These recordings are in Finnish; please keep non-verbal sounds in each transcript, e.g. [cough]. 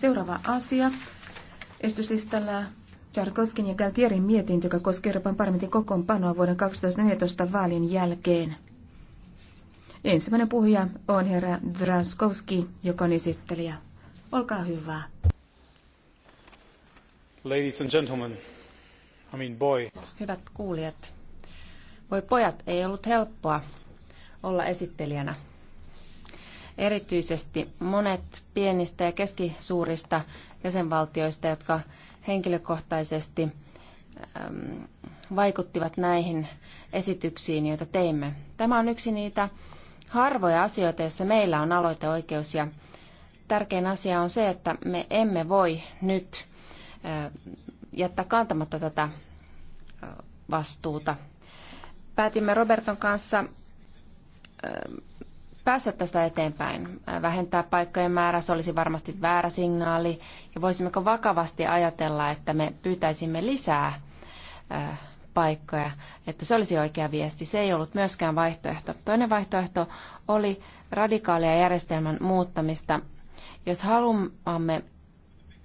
Seuraava asia. Estyslistalla Tcharkovskin ja Galtierin mietintö, joka koskee Euroopan parlamentin kokoonpanoa vuoden 2014 vaalin jälkeen. Ensimmäinen puhuja on herra Dranskowski, joka on esittelijä. Olkaa hyvä. Ladies and gentlemen, I mean boy. Hyvät kuulijat. Voi pojat, ei ollut helppoa olla esittelijänä Erityisesti monet pienistä ja keskisuurista jäsenvaltioista, jotka henkilökohtaisesti vaikuttivat näihin esityksiin, joita teimme. Tämä on yksi niitä harvoja asioita, joissa meillä on aloiteoikeus ja tärkein asia on se, että me emme voi nyt jättää kantamatta tätä vastuuta. Päätimme Roberton kanssa päästä tästä eteenpäin. Äh, vähentää paikkojen määrä, se olisi varmasti väärä signaali. Ja voisimmeko vakavasti ajatella, että me pyytäisimme lisää äh, paikkoja, että se olisi oikea viesti. Se ei ollut myöskään vaihtoehto. Toinen vaihtoehto oli radikaalia järjestelmän muuttamista. Jos haluamme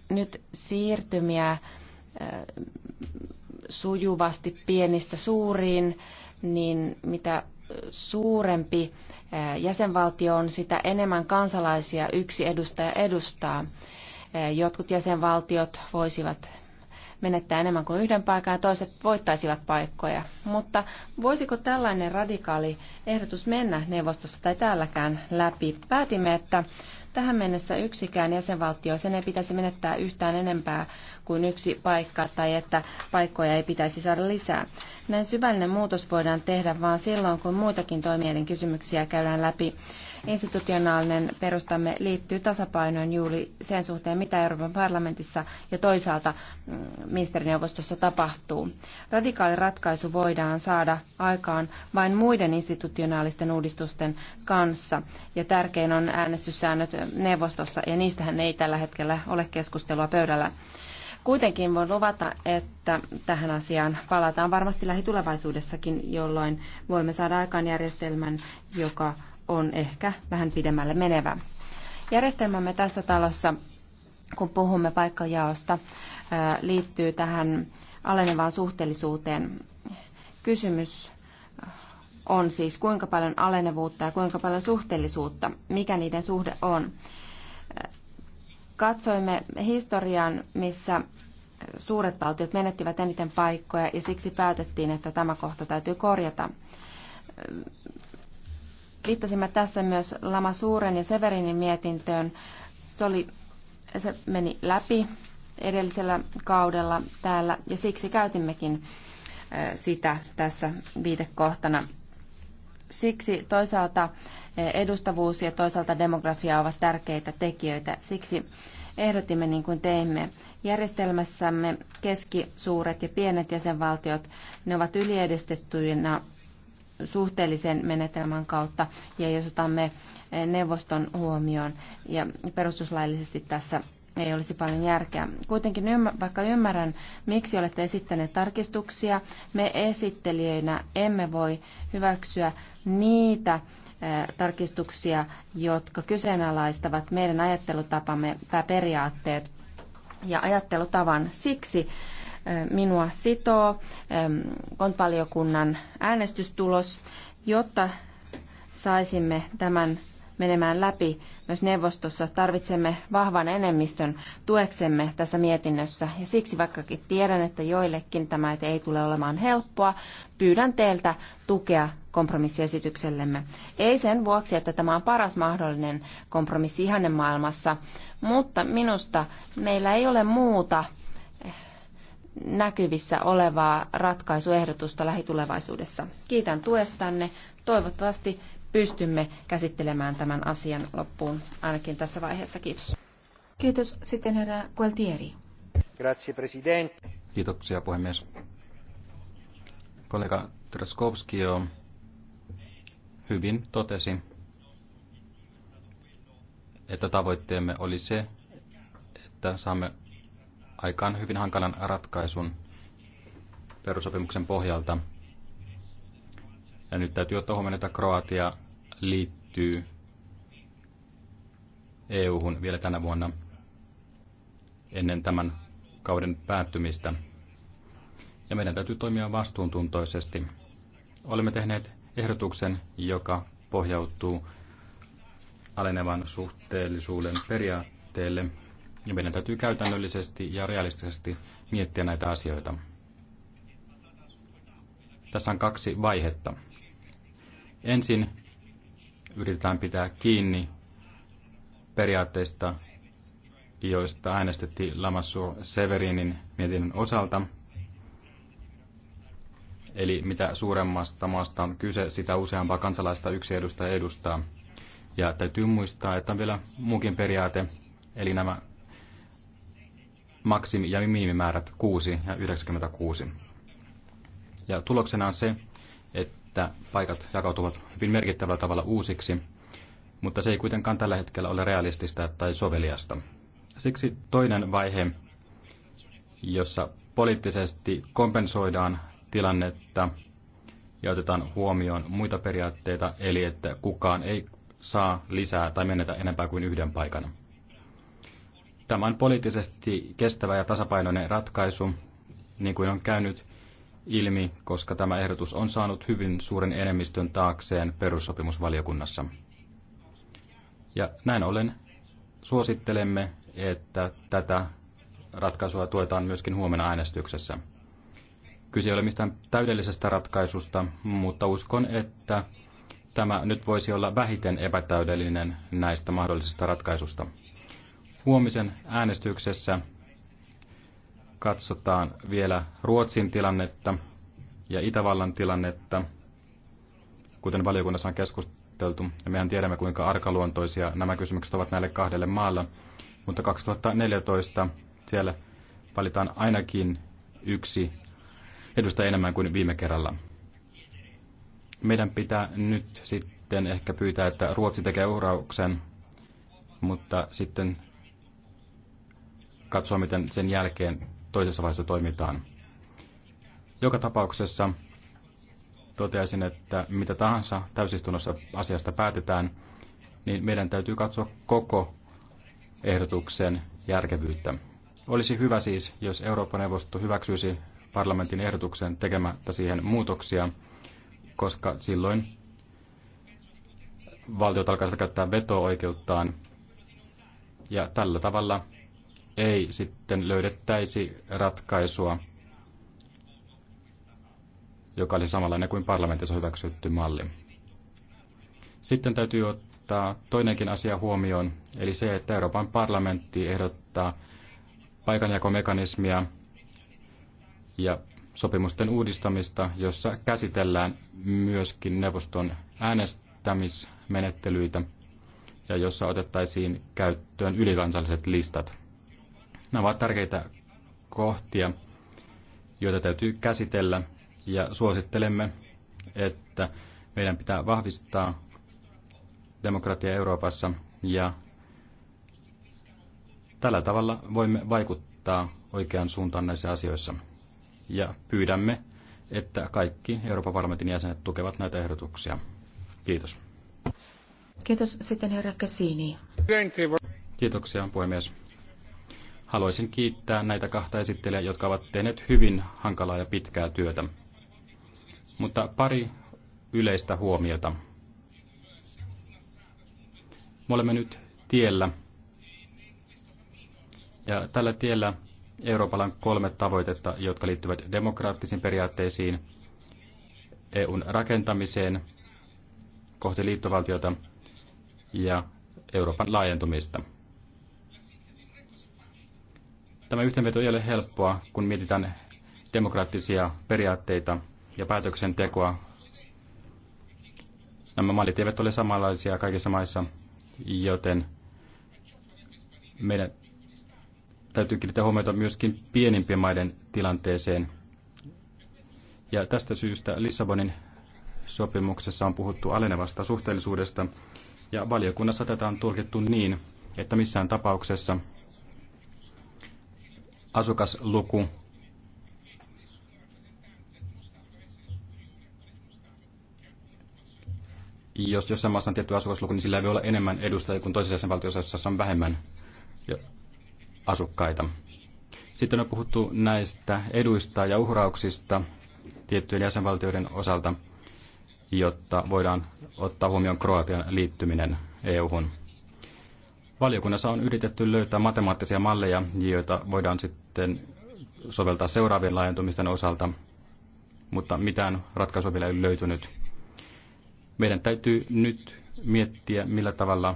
nyt siirtymiä äh, sujuvasti pienistä suuriin, niin mitä suurempi jäsenvaltioon, sitä enemmän kansalaisia yksi edustaja edustaa. Jotkut jäsenvaltiot voisivat menettää enemmän kuin yhden paikan ja toiset voittaisivat paikkoja. Mutta voisiko tällainen radikaali ehdotus mennä neuvostossa tai täälläkään läpi? Päätimme, että Tähän mennessä yksikään jäsenvaltio, sen ei pitäisi menettää yhtään enempää kuin yksi paikka tai että paikkoja ei pitäisi saada lisää. Näin syvällinen muutos voidaan tehdä vain silloin, kun muitakin toimijoiden kysymyksiä käydään läpi institutionaalinen perustamme liittyy tasapainoon juuri sen suhteen, mitä Euroopan parlamentissa ja toisaalta mm, ministerineuvostossa tapahtuu. Radikaali ratkaisu voidaan saada aikaan vain muiden institutionaalisten uudistusten kanssa, ja tärkein on äänestyssäännöt neuvostossa, ja niistähän ei tällä hetkellä ole keskustelua pöydällä. Kuitenkin voin luvata, että tähän asiaan palataan varmasti lähitulevaisuudessakin, jolloin voimme saada aikaan järjestelmän, joka on ehkä vähän pidemmälle menevä. Järjestelmämme tässä talossa, kun puhumme paikkajaosta, liittyy tähän alenevaan suhteellisuuteen. Kysymys on siis kuinka paljon alenevuutta ja kuinka paljon suhteellisuutta, mikä niiden suhde on. Katsoimme historian, missä suuret valtiot menettivät eniten paikkoja ja siksi päätettiin, että tämä kohta täytyy korjata. Viittasimme tässä myös Lama Suuren ja Severinin mietintöön. Se, oli, se meni läpi edellisellä kaudella täällä ja siksi käytimmekin sitä tässä viitekohtana. Siksi toisaalta edustavuus ja toisaalta demografia ovat tärkeitä tekijöitä. Siksi ehdotimme niin kuin teimme. Järjestelmässämme keskisuuret ja pienet jäsenvaltiot, ne ovat yliedistettyinä suhteellisen menetelmän kautta ja jos otamme eh, neuvoston huomioon ja perustuslaillisesti tässä ei olisi paljon järkeä. Kuitenkin vaikka ymmärrän, miksi olette esittäneet tarkistuksia, me esittelijöinä emme voi hyväksyä niitä eh, tarkistuksia, jotka kyseenalaistavat meidän ajattelutapamme pääperiaatteet ja ajattelutavan. Siksi minua sitoo kontvaliokunnan äänestystulos, jotta saisimme tämän menemään läpi myös neuvostossa. Tarvitsemme vahvan enemmistön tueksemme tässä mietinnössä. Ja siksi vaikkakin tiedän, että joillekin tämä ei tule olemaan helppoa, pyydän teiltä tukea kompromissiesityksellemme. Ei sen vuoksi, että tämä on paras mahdollinen kompromissi ihanne maailmassa, mutta minusta meillä ei ole muuta näkyvissä olevaa ratkaisuehdotusta lähitulevaisuudessa. Kiitän tuestanne. Toivottavasti pystymme käsittelemään tämän asian loppuun ainakin tässä vaiheessa. Kiitos. Kiitos. Sitten herra Gualtieri. Grazie, president. Kiitoksia, puhemies. Kollega Traskowski jo hyvin totesi, että tavoitteemme oli se, että saamme aikaan hyvin hankalan ratkaisun perusopimuksen pohjalta. Ja nyt täytyy ottaa huomioon, että Kroatia liittyy EU-hun vielä tänä vuonna ennen tämän kauden päättymistä. Ja meidän täytyy toimia vastuuntuntoisesti. Olemme tehneet ehdotuksen, joka pohjautuu alenevan suhteellisuuden periaatteelle ja meidän täytyy käytännöllisesti ja realistisesti miettiä näitä asioita. Tässä on kaksi vaihetta. Ensin yritetään pitää kiinni periaatteista, joista äänestettiin Lamassur Severinin mietinnön osalta. Eli mitä suuremmasta maasta on kyse, sitä useampaa kansalaista yksi edustaja edustaa. Ja täytyy muistaa, että on vielä muukin periaate, eli nämä maksimi- ja minimimäärät 6 ja 96. Ja tuloksena on se, että paikat jakautuvat hyvin merkittävällä tavalla uusiksi, mutta se ei kuitenkaan tällä hetkellä ole realistista tai soveliasta. Siksi toinen vaihe, jossa poliittisesti kompensoidaan tilannetta ja otetaan huomioon muita periaatteita, eli että kukaan ei saa lisää tai menetä enempää kuin yhden paikan. Tämä on poliittisesti kestävä ja tasapainoinen ratkaisu, niin kuin on käynyt ilmi, koska tämä ehdotus on saanut hyvin suuren enemmistön taakseen perussopimusvaliokunnassa. Ja näin ollen suosittelemme, että tätä ratkaisua tuetaan myöskin huomenna äänestyksessä. Kyse ei ole mistään täydellisestä ratkaisusta, mutta uskon, että tämä nyt voisi olla vähiten epätäydellinen näistä mahdollisista ratkaisusta. Huomisen äänestyksessä katsotaan vielä Ruotsin tilannetta ja Itävallan tilannetta, kuten valiokunnassa on keskusteltu. Ja mehän tiedämme, kuinka arkaluontoisia nämä kysymykset ovat näille kahdelle maalle. Mutta 2014 siellä valitaan ainakin yksi edustaja enemmän kuin viime kerralla. Meidän pitää nyt sitten ehkä pyytää, että Ruotsi tekee uhrauksen, mutta sitten katsoa, miten sen jälkeen toisessa vaiheessa toimitaan. Joka tapauksessa toteaisin, että mitä tahansa täysistunnossa asiasta päätetään, niin meidän täytyy katsoa koko ehdotuksen järkevyyttä. Olisi hyvä siis, jos Euroopan neuvosto hyväksyisi parlamentin ehdotuksen tekemättä siihen muutoksia, koska silloin valtiot alkaisivat käyttää veto-oikeuttaan. Ja tällä tavalla ei sitten löydettäisi ratkaisua, joka oli samanlainen kuin parlamentissa hyväksytty malli. Sitten täytyy ottaa toinenkin asia huomioon, eli se, että Euroopan parlamentti ehdottaa paikanjakomekanismia ja sopimusten uudistamista, jossa käsitellään myöskin neuvoston äänestämismenettelyitä ja jossa otettaisiin käyttöön ylikansalliset listat. Nämä ovat tärkeitä kohtia, joita täytyy käsitellä ja suosittelemme, että meidän pitää vahvistaa demokratia Euroopassa ja tällä tavalla voimme vaikuttaa oikean suuntaan näissä asioissa. Ja pyydämme, että kaikki Euroopan parlamentin jäsenet tukevat näitä ehdotuksia. Kiitos. Kiitos sitten herra Cassini. Kiitoksia puhemies. Haluaisin kiittää näitä kahta esittelijää, jotka ovat tehneet hyvin hankalaa ja pitkää työtä. Mutta pari yleistä huomiota. Me olemme nyt tiellä. Ja tällä tiellä Euroopalla on kolme tavoitetta, jotka liittyvät demokraattisiin periaatteisiin, EUn rakentamiseen kohti liittovaltiota ja Euroopan laajentumista. Tämä yhteenveto ei ole helppoa, kun mietitään demokraattisia periaatteita ja päätöksentekoa. Nämä mallit eivät ole samanlaisia kaikissa maissa, joten meidän täytyy kiinnittää huomiota myöskin pienimpien maiden tilanteeseen. Ja tästä syystä Lissabonin sopimuksessa on puhuttu alenevasta suhteellisuudesta, ja valiokunnassa tätä on tulkittu niin, että missään tapauksessa asukasluku jos jossain maassa on tietty asukasluku, niin sillä ei voi olla enemmän edustajia kuin toisessa jäsenvaltiossa, jossa on vähemmän asukkaita. Sitten on puhuttu näistä eduista ja uhrauksista tiettyjen jäsenvaltioiden osalta, jotta voidaan ottaa huomioon Kroatian liittyminen EU-hun. Valiokunnassa on yritetty löytää matemaattisia malleja, joita voidaan sitten sitten soveltaa seuraavien laajentumisten osalta, mutta mitään ratkaisua vielä ei löytynyt. Meidän täytyy nyt miettiä, millä tavalla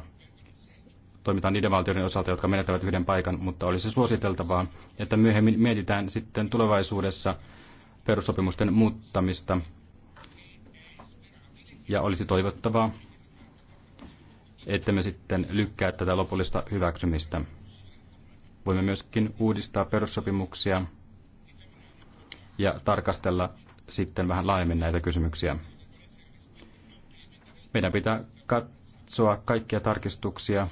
toimitaan niiden valtioiden osalta, jotka menettävät yhden paikan, mutta olisi suositeltavaa, että myöhemmin mietitään sitten tulevaisuudessa perussopimusten muuttamista. Ja olisi toivottavaa, että me sitten lykkää tätä lopullista hyväksymistä. Voimme myöskin uudistaa perussopimuksia ja tarkastella sitten vähän laajemmin näitä kysymyksiä. Meidän pitää katsoa kaikkia tarkistuksia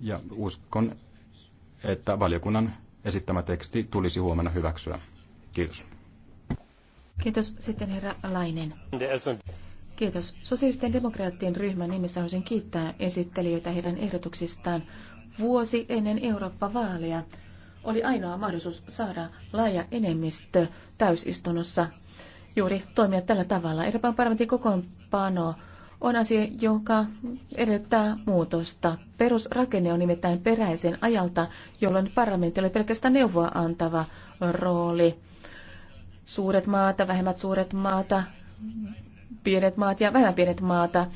ja uskon, että valiokunnan esittämä teksti tulisi huomenna hyväksyä. Kiitos. Kiitos. Sitten herra Lainen. Kiitos. Sosiaalisten demokraattien ryhmän nimissä haluaisin kiittää esittelijöitä heidän ehdotuksistaan vuosi ennen Eurooppa-vaaleja oli ainoa mahdollisuus saada laaja enemmistö täysistunnossa juuri toimia tällä tavalla. Euroopan parlamentin kokoonpano on asia, joka edellyttää muutosta. Perusrakenne on nimittäin peräisen ajalta, jolloin parlamentti oli pelkästään neuvoa antava rooli. Suuret maata, vähemmät suuret maata, pienet maat ja vähemmän pienet maata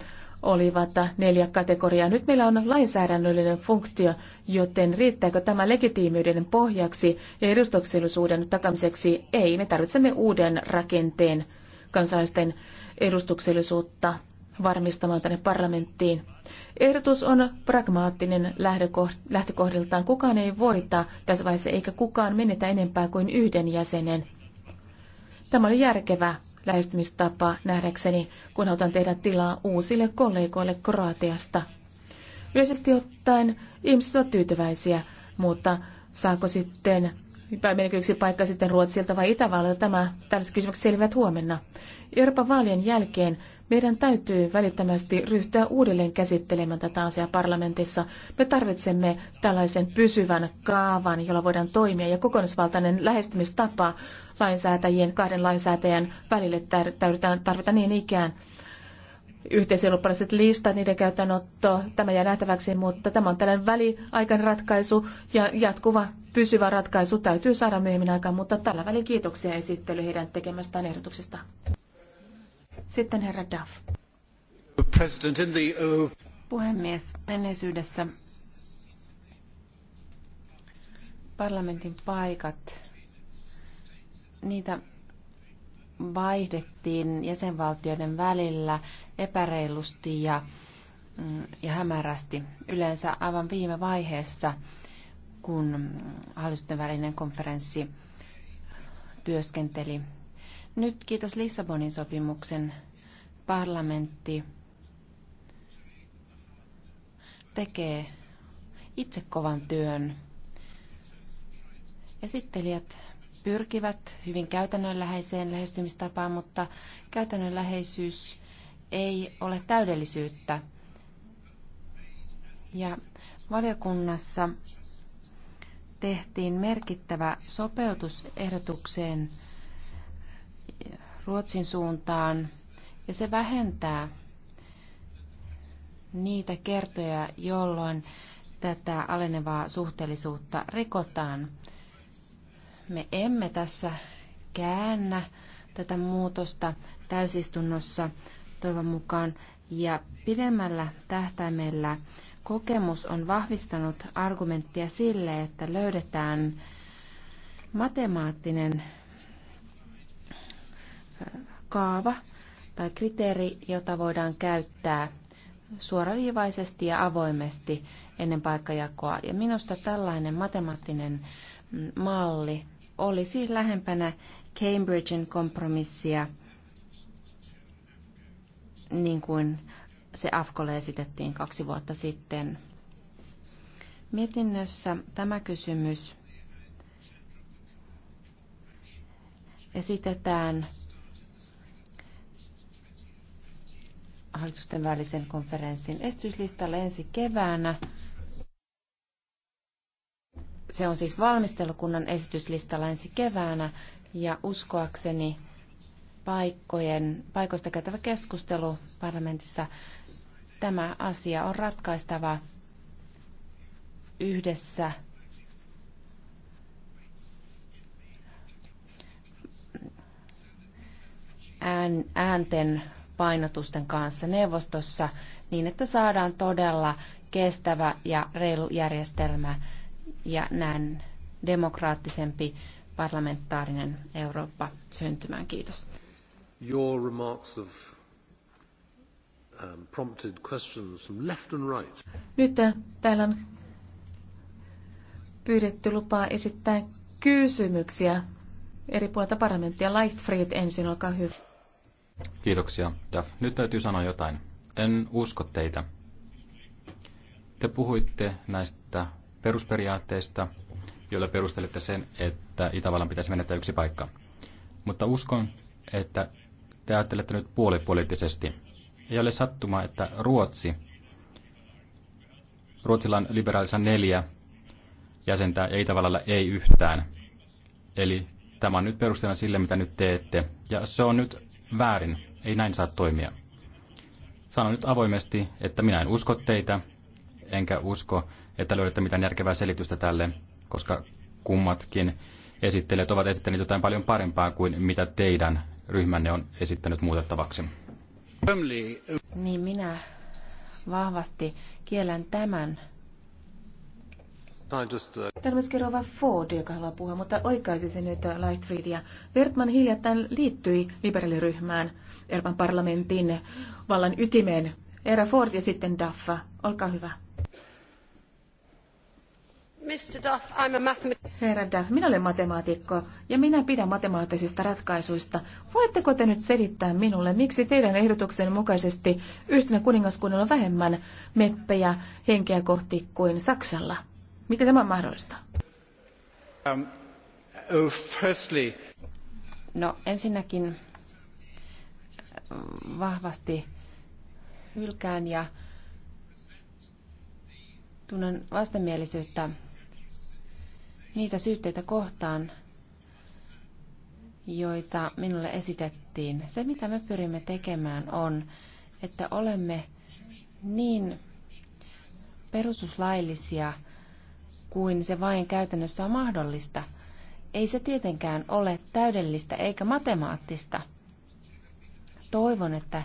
olivat neljä kategoriaa. Nyt meillä on lainsäädännöllinen funktio, joten riittääkö tämä legitiimiyden pohjaksi ja edustuksellisuuden takamiseksi? Ei, me tarvitsemme uuden rakenteen kansalaisten edustuksellisuutta varmistamaan tänne parlamenttiin. Ehdotus on pragmaattinen lähtökohdiltaan. Kukaan ei voita tässä vaiheessa eikä kukaan menetä enempää kuin yhden jäsenen. Tämä oli järkevä lähestymistapa nähdäkseni, kun otan tehdä tilaa uusille kollegoille Kroatiasta. Yleisesti ottaen ihmiset ovat tyytyväisiä, mutta saako sitten meneekö yksi paikka sitten Ruotsilta vai Itävallalta, tämä tällaiset kysymykset selviävät huomenna. Euroopan vaalien jälkeen meidän täytyy välittömästi ryhtyä uudelleen käsittelemään tätä asiaa parlamentissa. Me tarvitsemme tällaisen pysyvän kaavan, jolla voidaan toimia, ja kokonaisvaltainen lähestymistapa lainsäätäjien, kahden lainsäätäjän välille tarvita niin ikään yhteiseurooppalaiset listat, niiden käyttöönotto, tämä jää nähtäväksi, mutta tämä on tällainen väliaikainen ratkaisu ja jatkuva pysyvä ratkaisu täytyy saada myöhemmin aikaan, mutta tällä välin kiitoksia esittely heidän tekemästään ehdotuksesta. Sitten herra Duff. Uh, Puhemies, menneisyydessä parlamentin paikat niitä vaihdettiin jäsenvaltioiden välillä epäreilusti ja, mm, ja hämärästi, yleensä aivan viime vaiheessa, kun hallitusten välinen konferenssi työskenteli. Nyt kiitos Lissabonin sopimuksen parlamentti tekee itse kovan työn. Esittelijät pyrkivät hyvin käytännönläheiseen lähestymistapaan, mutta käytännönläheisyys ei ole täydellisyyttä. Ja valiokunnassa tehtiin merkittävä sopeutus ehdotukseen Ruotsin suuntaan, ja se vähentää niitä kertoja, jolloin tätä alenevaa suhteellisuutta rikotaan. Me emme tässä käännä tätä muutosta täysistunnossa toivon mukaan ja pidemmällä tähtäimellä kokemus on vahvistanut argumenttia sille, että löydetään matemaattinen äh, kaava tai kriteeri, jota voidaan käyttää suoraviivaisesti ja avoimesti ennen paikkajakoa. Ja minusta tällainen matemaattinen mm, malli olisi lähempänä Cambridgen kompromissia, niin kuin se AFKOlle esitettiin kaksi vuotta sitten. Mietinnössä tämä kysymys esitetään hallitusten välisen konferenssin estyslistalle ensi keväänä – se on siis valmistelukunnan esityslistalla ensi keväänä ja uskoakseni paikkojen, paikoista käytävä keskustelu parlamentissa, tämä asia on ratkaistava yhdessä äänten painotusten kanssa neuvostossa niin, että saadaan todella kestävä ja reilu järjestelmä ja näin demokraattisempi parlamentaarinen Eurooppa syntymään. Kiitos. Your remarks of um, prompted questions from left and right. Nyt äh, täällä on pyydetty lupaa esittää kysymyksiä eri puolilta parlamenttia. Lightfried ensin, olkaa hyvä. Kiitoksia, Daf. Nyt täytyy sanoa jotain. En usko teitä. Te puhuitte näistä perusperiaatteista, joilla perustelette sen, että Itävallan pitäisi menettää yksi paikka. Mutta uskon, että te ajattelette nyt puolipoliittisesti. Ei ole sattuma, että Ruotsi, Ruotsilla on liberaalissa neljä jäsentä ja Itävallalla ei yhtään. Eli tämä on nyt perusteena sille, mitä nyt teette. Ja se on nyt väärin. Ei näin saa toimia. Sanon nyt avoimesti, että minä en usko teitä, enkä usko, että löydätte mitään järkevää selitystä tälle, koska kummatkin esittelijät ovat esittäneet jotain paljon parempaa kuin mitä teidän ryhmänne on esittänyt muutettavaksi. Niin minä vahvasti kiellän tämän. Tarvitsisi rouva Ford, joka haluaa puhua, mutta oikaisi se nyt äh, Lightfriedia. Bertman hiljattain liittyi liberaaliryhmään Euroopan parlamentin vallan ytimeen. Era Ford ja sitten Daffa. Olkaa hyvä. Mr. Duff, I'm a Herra Duff, minä olen matemaatikko ja minä pidän matemaattisista ratkaisuista. Voitteko te nyt selittää minulle, miksi teidän ehdotuksen mukaisesti yhtenä kuningaskunnalla on vähemmän meppejä henkeä kohti kuin Saksalla? Miten tämä on mahdollista? Um, oh, firstly. No ensinnäkin vahvasti hylkään ja tunnen vastenmielisyyttä niitä syytteitä kohtaan, joita minulle esitettiin. Se, mitä me pyrimme tekemään, on, että olemme niin perustuslaillisia kuin se vain käytännössä on mahdollista. Ei se tietenkään ole täydellistä eikä matemaattista. Toivon, että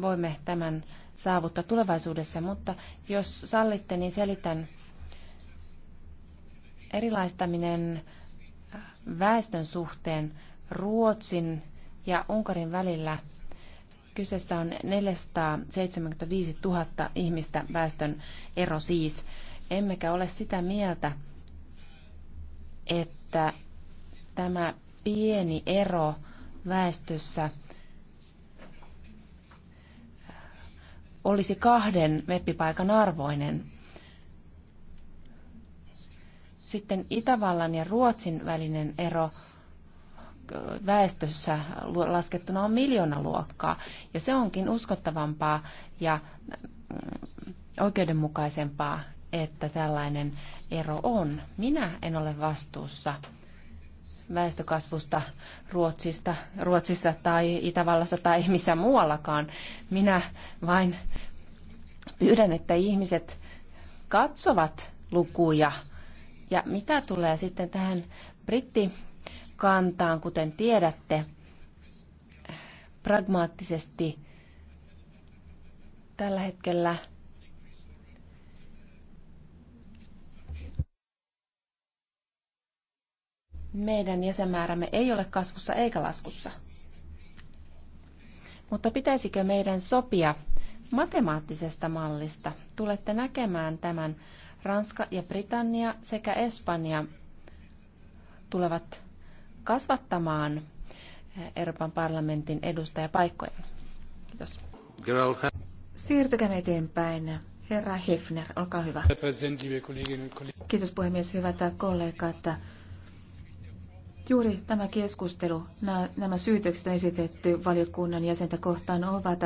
voimme tämän saavuttaa tulevaisuudessa, mutta jos sallitte, niin selitän Erilaistaminen äh, väestön suhteen Ruotsin ja Unkarin välillä kyseessä on 475 000 ihmistä väestön ero siis. Emmekä ole sitä mieltä, että tämä pieni ero väestössä äh, olisi kahden meppipaikan arvoinen. Sitten Itävallan ja Ruotsin välinen ero väestössä laskettuna on miljoonaluokkaa, ja se onkin uskottavampaa ja mm, oikeudenmukaisempaa, että tällainen ero on. Minä en ole vastuussa väestökasvusta Ruotsista, Ruotsissa tai Itävallassa tai [laughs] missä muuallakaan. Minä vain pyydän, että ihmiset katsovat lukuja ja mitä tulee sitten tähän brittikantaan, kuten tiedätte, pragmaattisesti tällä hetkellä meidän jäsenmäärämme ei ole kasvussa eikä laskussa. Mutta pitäisikö meidän sopia matemaattisesta mallista? Tulette näkemään tämän Ranska ja Britannia sekä Espanja tulevat kasvattamaan eh, Euroopan parlamentin edustajapaikkoja. Kiitos. Siirtykää eteenpäin. Herra Hefner, olkaa hyvä. Kiitos puhemies, hyvät kollegat. Juuri tämä keskustelu, nämä syytökset esitetty valiokunnan jäsentä kohtaan, ovat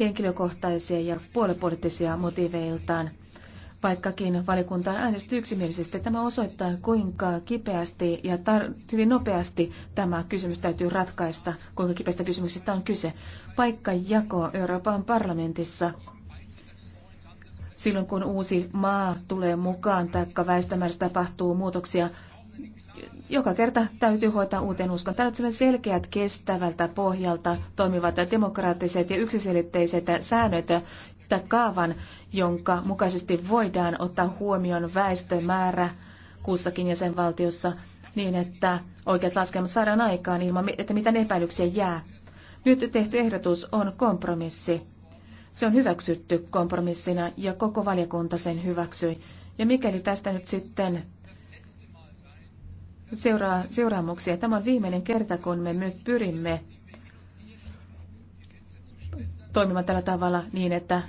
henkilökohtaisia ja puolipoliittisia motiveiltaan – vaikkakin valikunta äänesti yksimielisesti. Tämä osoittaa, kuinka kipeästi ja hyvin nopeasti tämä kysymys täytyy ratkaista, kuinka kipeästä kysymyksestä on kyse. Paikkajako Euroopan parlamentissa silloin, kun uusi maa tulee mukaan tai väestömäärässä tapahtuu muutoksia, joka kerta täytyy hoitaa uuteen uskon. on selkeät, kestävältä pohjalta toimivat demokraattiset ja yksiselitteiset säännöt, mittakaavan, kaavan, jonka mukaisesti voidaan ottaa huomioon väestömäärä kussakin jäsenvaltiossa niin, että oikeat laskelmat saadaan aikaan ilman, että mitään epäilyksiä jää. Nyt tehty ehdotus on kompromissi. Se on hyväksytty kompromissina ja koko valiokunta sen hyväksyi. Ja mikäli tästä nyt sitten seuraa seuraamuksia, tämä on viimeinen kerta, kun me nyt pyrimme toimimaan tällä tavalla niin, että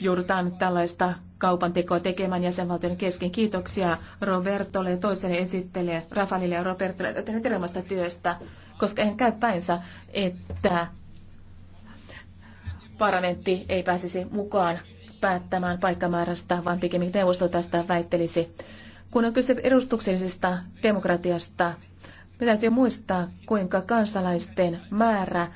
joudutaan tällaista kaupan tekoa tekemään jäsenvaltioiden kesken. Kiitoksia Robertolle ja toiselle esittelijä Rafaelille ja Robertolle tehneet erilaisesta työstä, koska en käy päinsä, että parlamentti ei pääsisi mukaan päättämään paikkamäärästä, vaan pikemminkin neuvosto tästä väittelisi. Kun on kyse edustuksellisesta demokratiasta, me täytyy muistaa, kuinka kansalaisten määrä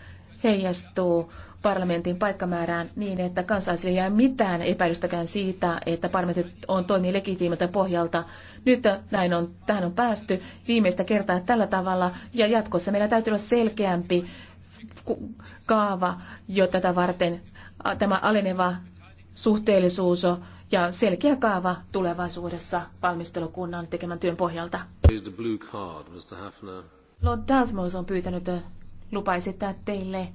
heijastuu parlamentin paikkamäärään niin, että kansalaisille ei jää mitään epäilystäkään siitä, että parlamentti on toimii legitiimiltä pohjalta. Nyt näin on, tähän on päästy viimeistä kertaa tällä tavalla ja jatkossa meillä täytyy olla selkeämpi kaava jo tätä varten tämä aleneva suhteellisuus ja selkeä kaava tulevaisuudessa valmistelukunnan tekemän työn pohjalta. Lord Dartmouth on pyytänyt lupa esittää teille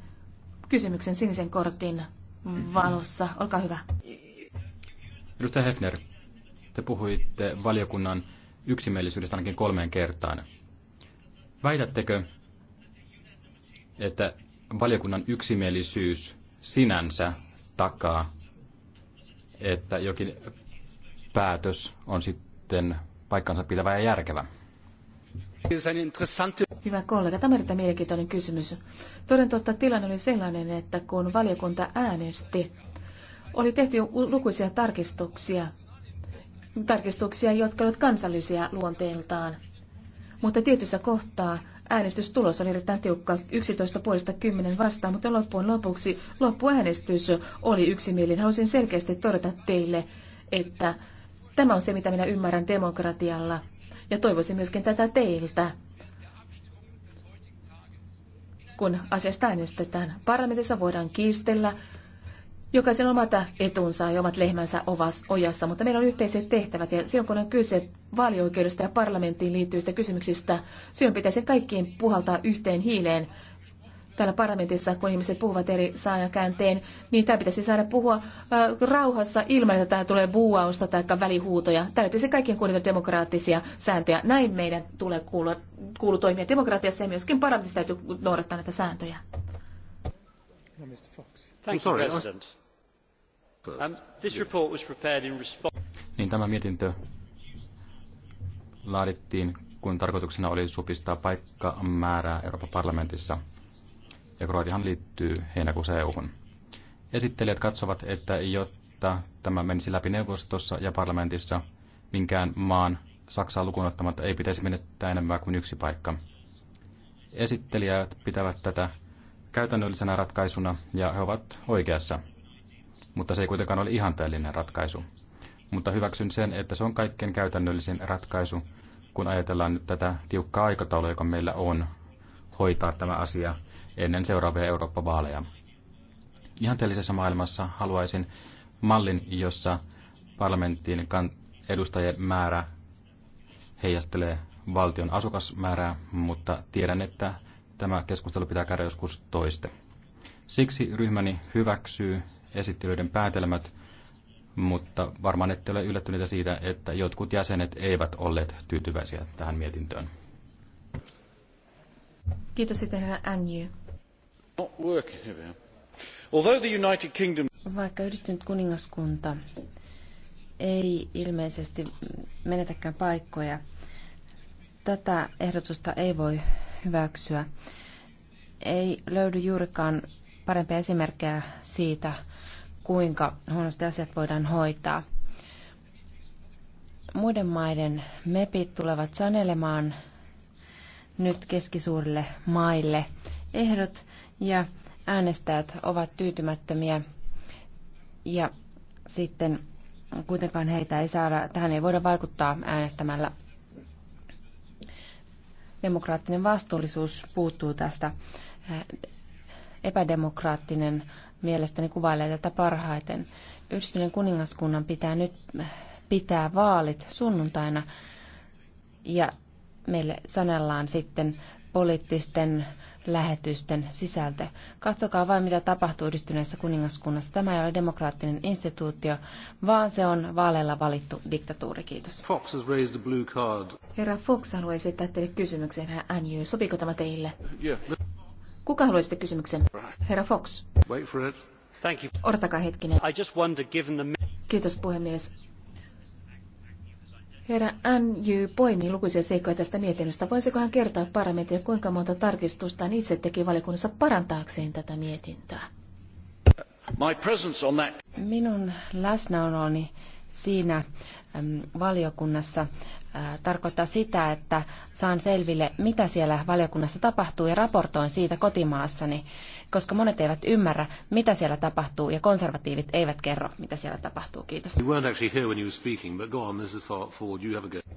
kysymyksen sinisen kortin valossa. Olkaa hyvä. Edustaja Hefner, te puhuitte valiokunnan yksimielisyydestä ainakin kolmeen kertaan. Väitättekö, että valiokunnan yksimielisyys sinänsä takaa, että jokin päätös on sitten paikkansa pitävä ja järkevä? Hyvä kollega, tämä on erittäin mielenkiintoinen kysymys. Toden totta tilanne oli sellainen, että kun valiokunta äänesti, oli tehty lukuisia tarkistuksia, tarkistuksia, jotka olivat kansallisia luonteeltaan. Mutta tietyssä kohtaa äänestystulos oli erittäin tiukka, 11 puolesta 10 vastaan, mutta loppujen lopuksi loppuäänestys oli yksimielinen. Haluaisin selkeästi todeta teille, että tämä on se, mitä minä ymmärrän demokratialla – ja toivoisin myöskin tätä teiltä, kun asiasta äänestetään. Parlamentissa voidaan kiistellä Jokaisen omat etunsa ja omat lehmänsä ovas ojassa, mutta meillä on yhteiset tehtävät ja silloin kun on kyse vaalioikeudesta ja parlamenttiin liittyvistä kysymyksistä, silloin pitäisi kaikkien puhaltaa yhteen hiileen täällä parlamentissa, kun ihmiset puhuvat eri saajakäänteen, niin tämä pitäisi saada puhua äh, rauhassa ilman, että tämä tulee buuausta tai välihuutoja. Täällä pitäisi kaikkien kunnioittaa demokraattisia sääntöjä. Näin meidän tulee kuulua, kuulu toimia demokratiassa ja myöskin parlamentissa täytyy noudattaa näitä sääntöjä. Um, niin tämä mietintö laadittiin, kun tarkoituksena oli supistaa paikkamäärää Euroopan parlamentissa – ja Kroatiahan liittyy heinäkuussa EU-hun. Esittelijät katsovat, että jotta tämä menisi läpi neuvostossa ja parlamentissa, minkään maan Saksaa lukuun ottamatta ei pitäisi menettää enemmän kuin yksi paikka. Esittelijät pitävät tätä käytännöllisenä ratkaisuna ja he ovat oikeassa. Mutta se ei kuitenkaan ole ihanteellinen ratkaisu. Mutta hyväksyn sen, että se on kaikkein käytännöllisin ratkaisu, kun ajatellaan nyt tätä tiukkaa aikataulua, joka meillä on hoitaa tämä asia ennen seuraavia Eurooppa-vaaleja. Ihanteellisessa maailmassa haluaisin mallin, jossa parlamentin edustajien määrä heijastelee valtion asukasmäärää, mutta tiedän, että tämä keskustelu pitää käydä joskus toiste. Siksi ryhmäni hyväksyy esittelyiden päätelmät, mutta varmaan ette ole yllättyneitä siitä, että jotkut jäsenet eivät olleet tyytyväisiä tähän mietintöön. Kiitos sitten herra Anju. Vaikka yhdistynyt kuningaskunta ei ilmeisesti menetäkään paikkoja, tätä ehdotusta ei voi hyväksyä. Ei löydy juurikaan parempia esimerkkejä siitä, kuinka huonosti asiat voidaan hoitaa. Muiden maiden MEPit tulevat sanelemaan nyt keskisuurille maille ehdot, ja äänestäjät ovat tyytymättömiä ja sitten kuitenkaan heitä ei saada, tähän ei voida vaikuttaa äänestämällä. Demokraattinen vastuullisuus puuttuu tästä. Epädemokraattinen mielestäni kuvailee tätä parhaiten. Yhdistyneen kuningaskunnan pitää nyt pitää vaalit sunnuntaina ja meille sanellaan sitten poliittisten lähetysten sisältö. Katsokaa vain, mitä tapahtuu yhdistyneessä kuningaskunnassa. Tämä ei ole demokraattinen instituutio, vaan se on vaaleilla valittu diktatuuri. Kiitos. Fox has raised a blue card. Herra Fox haluaa esittää teille kysymyksen. Herra Anjy, Sopiiko tämä teille? Yeah. Kuka haluaa esittää kysymyksen? Herra Fox. Wait for it. Thank you. Odottakaa hetkinen. I just wonder, given the... Kiitos puhemies Herra Anju poimi lukuisia seikkoja tästä mietinnöstä. Voisiko hän kertoa parlamentille, kuinka monta tarkistusta hän itse teki valiokunnassa parantaakseen tätä mietintöä? Minun läsnäoloni siinä äm, valiokunnassa tarkoittaa sitä, että saan selville, mitä siellä valiokunnassa tapahtuu ja raportoin siitä kotimaassani, koska monet eivät ymmärrä, mitä siellä tapahtuu ja konservatiivit eivät kerro, mitä siellä tapahtuu. Kiitos.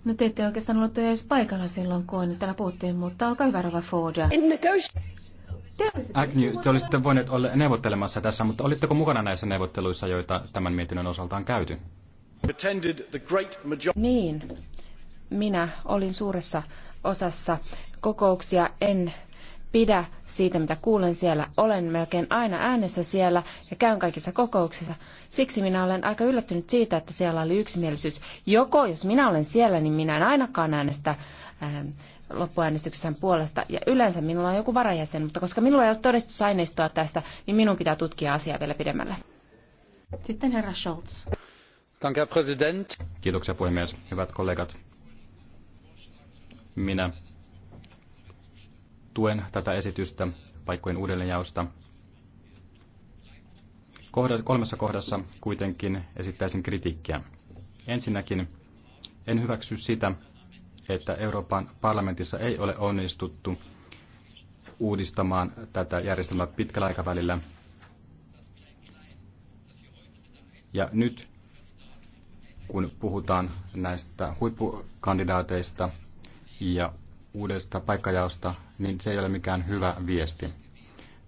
No te ette oikeastaan ollut edes paikalla silloin, kun täällä puhuttiin, mutta olkaa hyvä, Rova Ford. Agnew, te olisitte voineet olla neuvottelemassa tässä, mutta olitteko mukana näissä neuvotteluissa, joita tämän mietinnön osalta on käyty? Niin, minä olin suuressa osassa kokouksia, en pidä siitä, mitä kuulen siellä. Olen melkein aina äänessä siellä ja käyn kaikissa kokouksissa. Siksi minä olen aika yllättynyt siitä, että siellä oli yksimielisyys. Joko jos minä olen siellä, niin minä en ainakaan äänestä ähm, loppuäänestyksen puolesta. Ja yleensä minulla on joku varajäsen, mutta koska minulla ei ole todistusaineistoa tästä, niin minun pitää tutkia asiaa vielä pidemmälle. Sitten herra Scholz. Kiitoksia puhemies. Hyvät kollegat. Minä tuen tätä esitystä paikkojen uudelleenjaosta. Kolmessa kohdassa kuitenkin esittäisin kritiikkiä. Ensinnäkin en hyväksy sitä, että Euroopan parlamentissa ei ole onnistuttu uudistamaan tätä järjestelmää pitkällä aikavälillä. Ja nyt, kun puhutaan näistä huippukandidaateista, ja uudesta paikkajaosta, niin se ei ole mikään hyvä viesti.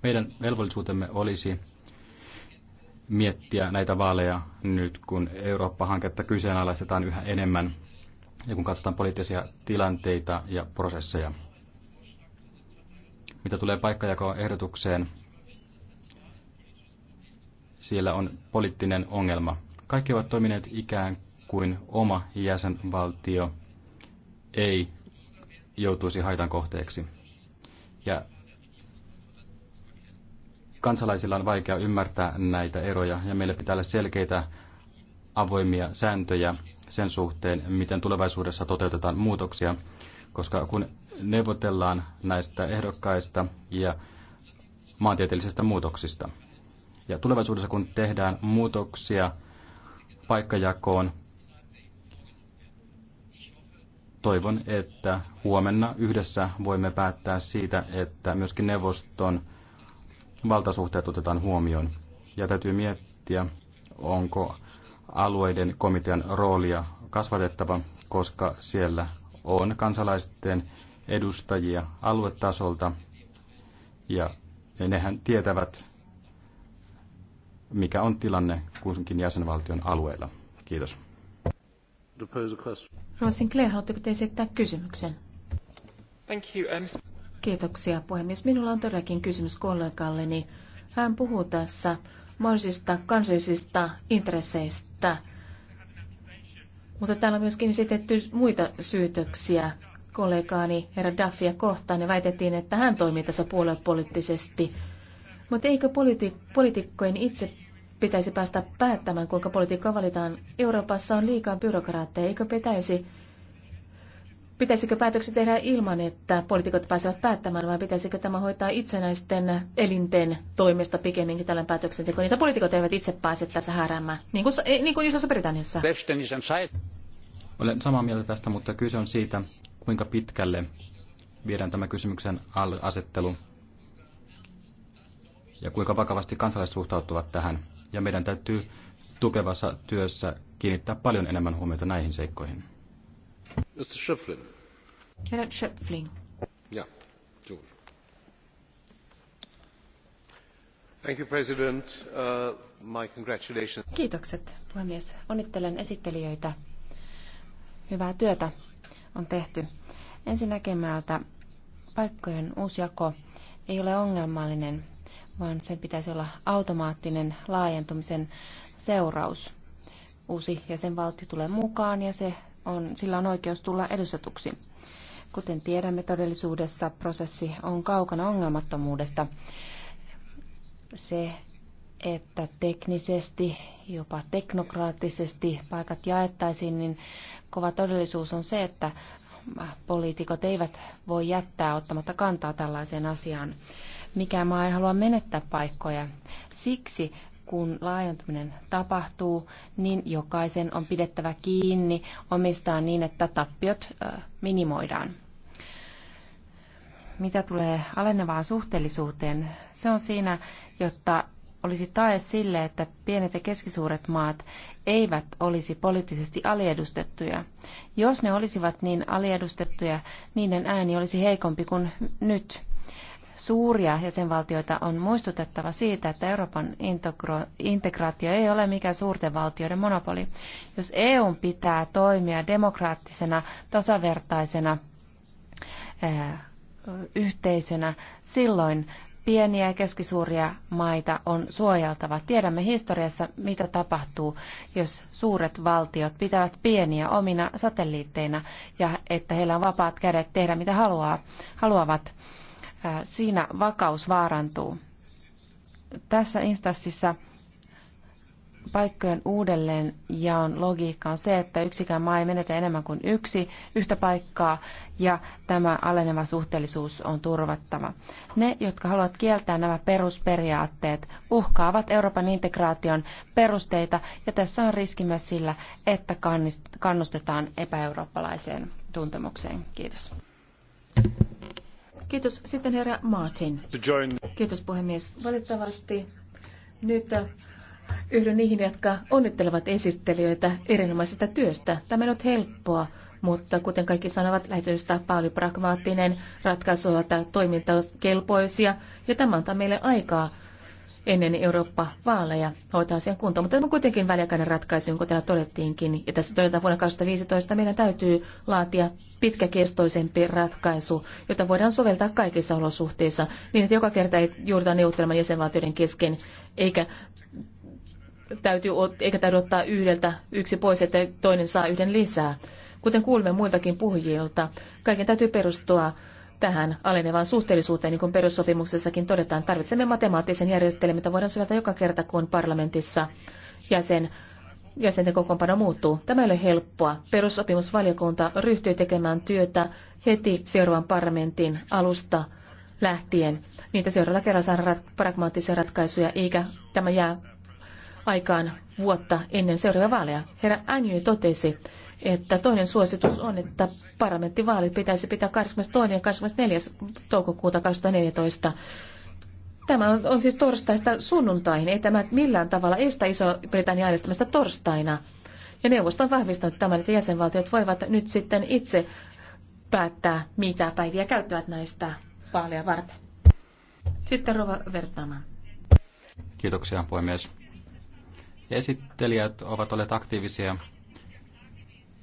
Meidän velvollisuutemme olisi miettiä näitä vaaleja nyt, kun Eurooppa-hanketta kyseenalaistetaan yhä enemmän ja kun katsotaan poliittisia tilanteita ja prosesseja. Mitä tulee paikkajakoon ehdotukseen, siellä on poliittinen ongelma. Kaikki ovat toimineet ikään kuin oma jäsenvaltio ei joutuisi haitan kohteeksi. Ja kansalaisilla on vaikea ymmärtää näitä eroja ja meillä pitää olla selkeitä avoimia sääntöjä sen suhteen, miten tulevaisuudessa toteutetaan muutoksia, koska kun neuvotellaan näistä ehdokkaista ja maantieteellisistä muutoksista. Ja tulevaisuudessa, kun tehdään muutoksia paikkajakoon, toivon, että huomenna yhdessä voimme päättää siitä, että myöskin neuvoston valtasuhteet otetaan huomioon. Ja täytyy miettiä, onko alueiden komitean roolia kasvatettava, koska siellä on kansalaisten edustajia aluetasolta ja nehän tietävät, mikä on tilanne kunkin jäsenvaltion alueella. Kiitos to pose a question. haluatteko te esittää kysymyksen? Thank you, um, Kiitoksia puhemies. Minulla on todellakin kysymys kollegalleni. Hän puhuu tässä mahdollisista kansallisista intresseistä, mutta täällä on myöskin esitetty muita syytöksiä kollegaani herra Daffia kohtaan ja väitettiin, että hän toimii tässä puoluepoliittisesti. Mutta eikö politi- itse pitäisi päästä päättämään, kuinka politiikkaa valitaan. Euroopassa on liikaa byrokraatteja, eikö pitäisi Pitäisikö päätökset tehdä ilman, että poliitikot pääsevät päättämään, vai pitäisikö tämä hoitaa itsenäisten elinten toimesta pikemminkin tällainen päätöksenteko? Niitä poliitikot eivät itse pääse tässä häräämään, niin kuin, eh, niin kuin Isossa Britanniassa. Olen samaa mieltä tästä, mutta kyse on siitä, kuinka pitkälle viedään tämä kysymyksen asettelu ja kuinka vakavasti kansalaiset suhtautuvat tähän ja meidän täytyy tukevassa työssä kiinnittää paljon enemmän huomiota näihin seikkoihin. Mr. Schöpflin. Herra Schöpflin. Ja, George. Thank you, President. Uh, my congratulations. Kiitokset, puhemies. Onnittelen esittelijöitä. Hyvää työtä on tehty. Ensinnäkemältä paikkojen uusjako ei ole ongelmallinen vaan sen pitäisi olla automaattinen laajentumisen seuraus. Uusi jäsenvaltio tulee mukaan ja se on, sillä on oikeus tulla edustetuksi. Kuten tiedämme, todellisuudessa prosessi on kaukana ongelmattomuudesta. Se, että teknisesti, jopa teknokraattisesti paikat jaettaisiin, niin kova todellisuus on se, että poliitikot eivät voi jättää ottamatta kantaa tällaiseen asiaan. Mikään maa ei halua menettää paikkoja. Siksi kun laajentuminen tapahtuu, niin jokaisen on pidettävä kiinni omistaan niin, että tappiot minimoidaan. Mitä tulee alenevaan suhteellisuuteen, se on siinä, jotta olisi tae sille, että pienet ja keskisuuret maat eivät olisi poliittisesti aliedustettuja. Jos ne olisivat niin aliedustettuja, niiden ääni olisi heikompi kuin nyt suuria jäsenvaltioita, on muistutettava siitä, että Euroopan integraatio ei ole mikään suurten valtioiden monopoli. Jos EU pitää toimia demokraattisena, tasavertaisena ää, eh, yhteisönä, silloin pieniä ja keskisuuria maita on suojeltava. Tiedämme historiassa, mitä tapahtuu, jos suuret valtiot pitävät pieniä omina satelliitteina ja että heillä on vapaat kädet tehdä mitä haluaa, haluavat siinä vakaus vaarantuu. Tässä instanssissa paikkojen uudelleen jaon logiikka on se, että yksikään maa ei menetä enemmän kuin yksi yhtä paikkaa ja tämä aleneva suhteellisuus on turvattava. Ne, jotka haluavat kieltää nämä perusperiaatteet, uhkaavat Euroopan integraation perusteita ja tässä on riski myös sillä, että kannustetaan epäeurooppalaiseen tuntemukseen. Kiitos. Kiitos. Sitten herra Martin. Kiitos puhemies. Valitettavasti nyt yhdyn niihin, jotka onnittelevat esittelijöitä erinomaisesta työstä. Tämä ei ole helppoa, mutta kuten kaikki sanovat, lähetystapa oli pragmaattinen, ratkaisuja toimintakelpoisia ja tämä antaa meille aikaa ennen Eurooppa-vaaleja hoitaa sen kuntoon. Mutta tämä on kuitenkin väliaikainen ratkaisu, niin kuten täällä todettiinkin. Ja tässä todetaan vuonna 2015 meidän täytyy laatia pitkäkestoisempi ratkaisu, jota voidaan soveltaa kaikissa olosuhteissa, niin että joka kerta ei jouduta neuvottelemaan jäsenvaltioiden kesken, eikä täytyy, eikä täytyy ottaa yhdeltä yksi pois, että toinen saa yhden lisää. Kuten kuulimme muiltakin puhujilta, kaiken täytyy perustua tähän alenevaan suhteellisuuteen, niin kuin perussopimuksessakin todetaan. Tarvitsemme matemaattisen järjestelmän, jota voidaan syötä joka kerta, kun parlamentissa jäsen, jäsenten kokoonpano muuttuu. Tämä ei ole helppoa. Perussopimusvaliokunta ryhtyy tekemään työtä heti seuraavan parlamentin alusta lähtien. Niitä seuraavalla kerralla saadaan rat- pragmaattisia ratkaisuja, eikä tämä jää aikaan vuotta ennen seuraavia vaaleja. Herra Anjy totesi, että toinen suositus on, että parlamenttivaalit pitäisi pitää 22. ja 24. toukokuuta 2014. Tämä on, on siis torstaista sunnuntaihin. Ei tämä millään tavalla estä Iso-Britannia äänestämästä torstaina. Ja neuvosto on vahvistanut tämän, että jäsenvaltiot voivat nyt sitten itse päättää, mitä päiviä käyttävät näistä vaaleja varten. Sitten Rova Vertaman. Kiitoksia, puhemies. Esittelijät ovat olleet aktiivisia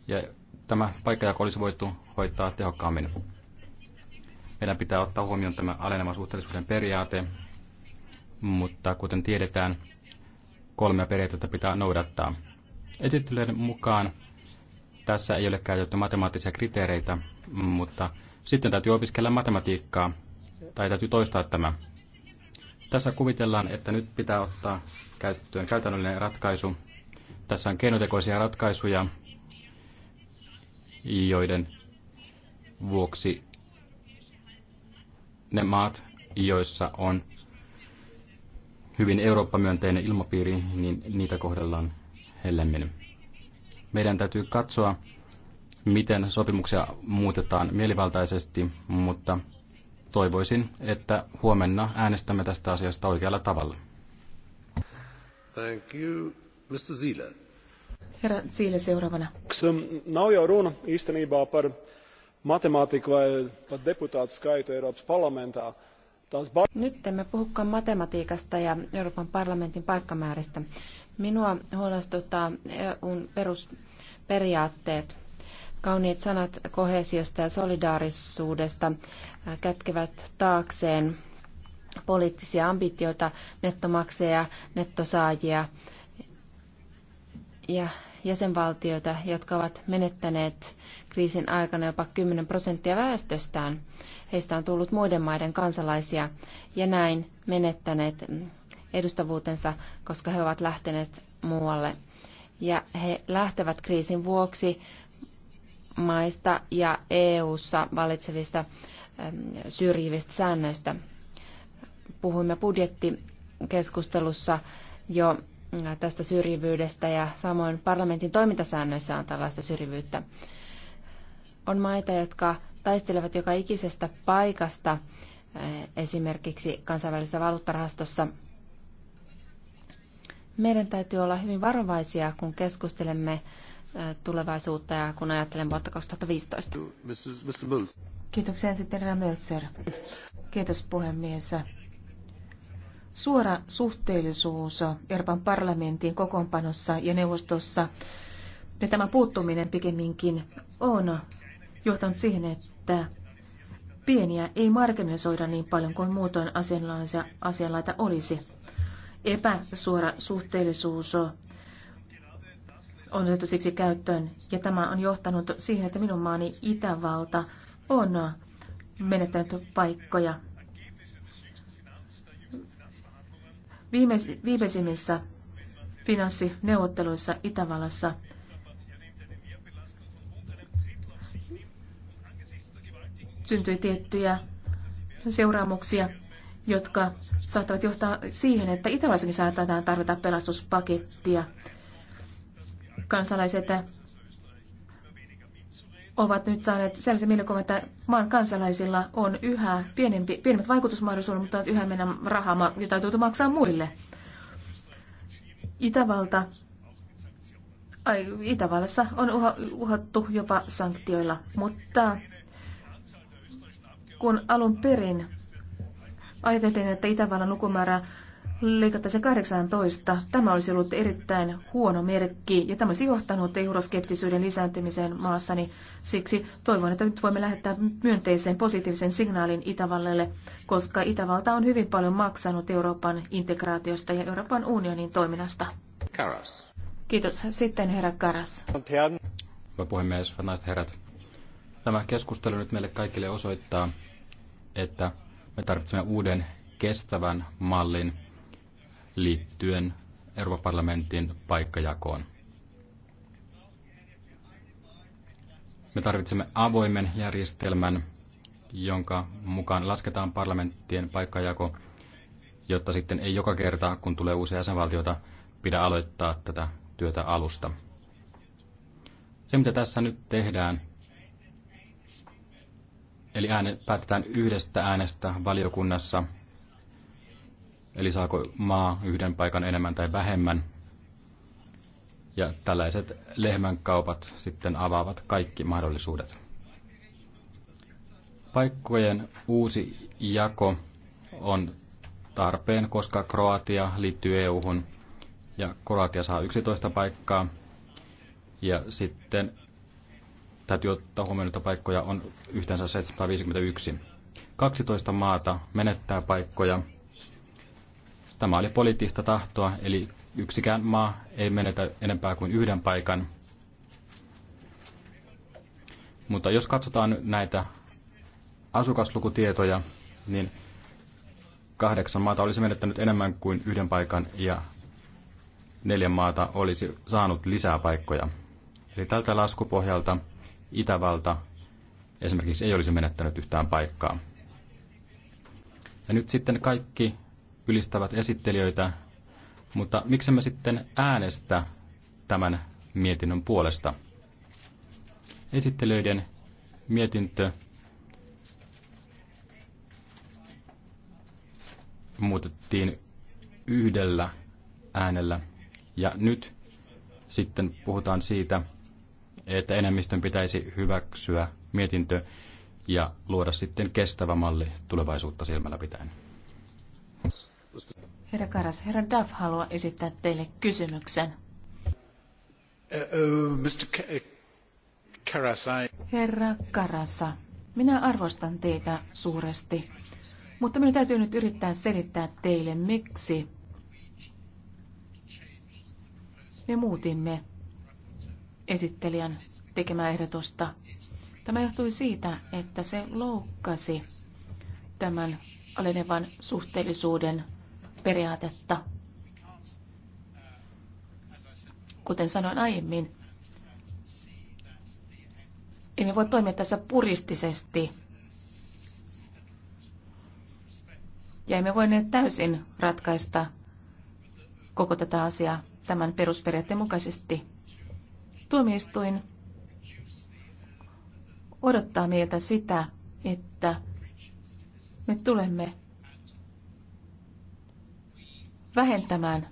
ja tämä paikkajako olisi voitu hoitaa tehokkaammin. Meidän pitää ottaa huomioon tämä alenema suhteellisuuden periaate, mutta kuten tiedetään, kolmea periaatetta pitää noudattaa. Esittelyiden mukaan tässä ei ole käytetty matemaattisia kriteereitä, mutta sitten täytyy opiskella matematiikkaa tai täytyy toistaa tämä. Tässä kuvitellaan, että nyt pitää ottaa käyttöön käytännöllinen ratkaisu. Tässä on keinotekoisia ratkaisuja, joiden vuoksi ne maat, joissa on hyvin Eurooppa-myönteinen ilmapiiri, niin niitä kohdellaan hellemmin. Meidän täytyy katsoa, miten sopimuksia muutetaan mielivaltaisesti, mutta toivoisin, että huomenna äänestämme tästä asiasta oikealla tavalla. Thank you, Mr. Zieler. Herra Siile seuraavana. Nav jau runa īstenībā par matemātiku vai pat deputātu skaitu Eiropas parlamentā. Nyt emme puhukaan matematiikasta ja Euroopan parlamentin paikkamääristä. Minua huolestuttaa EUn eh, perusperiaatteet. Kauniit sanat kohesiosta ja solidaarisuudesta eh, kätkevät taakseen poliittisia ambitioita, nettomakseja, nettosaajia. Ja jäsenvaltioita, jotka ovat menettäneet kriisin aikana jopa 10 prosenttia väestöstään. Heistä on tullut muiden maiden kansalaisia ja näin menettäneet edustavuutensa, koska he ovat lähteneet muualle. Ja he lähtevät kriisin vuoksi maista ja EU-ssa valitsevista syrjivistä säännöistä. Puhuimme budjettikeskustelussa jo Äh, tästä syrjivyydestä ja samoin parlamentin toimintasäännöissä on tällaista syrjivyyttä. On maita, jotka taistelevat joka ikisestä paikasta äh, esimerkiksi kansainvälisessä valuuttarahastossa. Meidän täytyy olla hyvin varovaisia, kun keskustelemme äh, tulevaisuutta ja kun ajattelen vuotta 2015. Kiitoksia sitten Möltser. Kiitos puhemies. Suora suhteellisuus Euroopan parlamentin kokoonpanossa ja neuvostossa ja tämä puuttuminen pikemminkin on johtanut siihen, että pieniä ei marginalisoida niin paljon kuin muutoin asianlaita olisi. Epäsuora suhteellisuus on otettu siksi käyttöön, ja tämä on johtanut siihen, että minun maani Itävalta on menettänyt paikkoja Viimeisimmissä finanssineuvotteluissa Itävallassa syntyi tiettyjä seuraamuksia, jotka saattavat johtaa siihen, että Itävallassakin saatetaan tarvita pelastuspakettia. Kansalaiset ovat nyt saaneet sellaisen mielikuvan, että maan kansalaisilla on yhä pienempi, pienemmät vaikutusmahdollisuudet, mutta yhä meidän rahaa, jota täytyy maksaa muille. Itävalta, ai, Itävallassa on uha, uhattu jopa sanktioilla, mutta kun alun perin ajateltiin, että Itävallan lukumäärä leikattaisiin 18. Tämä olisi ollut erittäin huono merkki ja tämä olisi johtanut euroskeptisyyden lisääntymiseen maassani. Siksi toivon, että nyt voimme lähettää myönteisen positiivisen signaalin Itävallelle, koska Itävalta on hyvin paljon maksanut Euroopan integraatiosta ja Euroopan unionin toiminnasta. Karas. Kiitos. Sitten herra Karas. Hyvä puhemies, hyvät naiset herrat. Tämä keskustelu nyt meille kaikille osoittaa, että me tarvitsemme uuden kestävän mallin liittyen Euroopan parlamentin paikkajakoon. Me tarvitsemme avoimen järjestelmän, jonka mukaan lasketaan parlamenttien paikkajako, jotta sitten ei joka kerta, kun tulee uusia jäsenvaltioita, pidä aloittaa tätä työtä alusta. Se, mitä tässä nyt tehdään, eli ääne, päätetään yhdestä äänestä valiokunnassa – eli saako maa yhden paikan enemmän tai vähemmän. Ja tällaiset lehmänkaupat sitten avaavat kaikki mahdollisuudet. Paikkojen uusi jako on tarpeen, koska Kroatia liittyy EU-hun ja Kroatia saa 11 paikkaa. Ja sitten täytyy ottaa huomioon, että paikkoja on yhteensä 751. 12 maata menettää paikkoja Tämä oli poliittista tahtoa, eli yksikään maa ei menetä enempää kuin yhden paikan. Mutta jos katsotaan näitä asukaslukutietoja, niin kahdeksan maata olisi menettänyt enemmän kuin yhden paikan ja neljä maata olisi saanut lisää paikkoja. Eli tältä laskupohjalta Itävalta esimerkiksi ei olisi menettänyt yhtään paikkaa. Ja nyt sitten kaikki ylistävät esittelijöitä, mutta miksi me sitten äänestä tämän mietinnön puolesta? Esittelijöiden mietintö muutettiin yhdellä äänellä ja nyt sitten puhutaan siitä, että enemmistön pitäisi hyväksyä mietintö ja luoda sitten kestävä malli tulevaisuutta silmällä pitäen. Herra Karas, herra Duff haluaa esittää teille kysymyksen. Uh, uh, Mr. Uh, herra Karasa, minä arvostan teitä suuresti, mutta minun täytyy nyt yrittää selittää teille, miksi me muutimme esittelijän tekemää ehdotusta. Tämä johtui siitä, että se loukkasi tämän alenevan suhteellisuuden periaatetta. Kuten sanoin aiemmin, emme voi toimia tässä puristisesti ja emme voi täysin ratkaista koko tätä asiaa tämän perusperiaatteen mukaisesti. Tuomioistuin odottaa meiltä sitä, että me tulemme vähentämään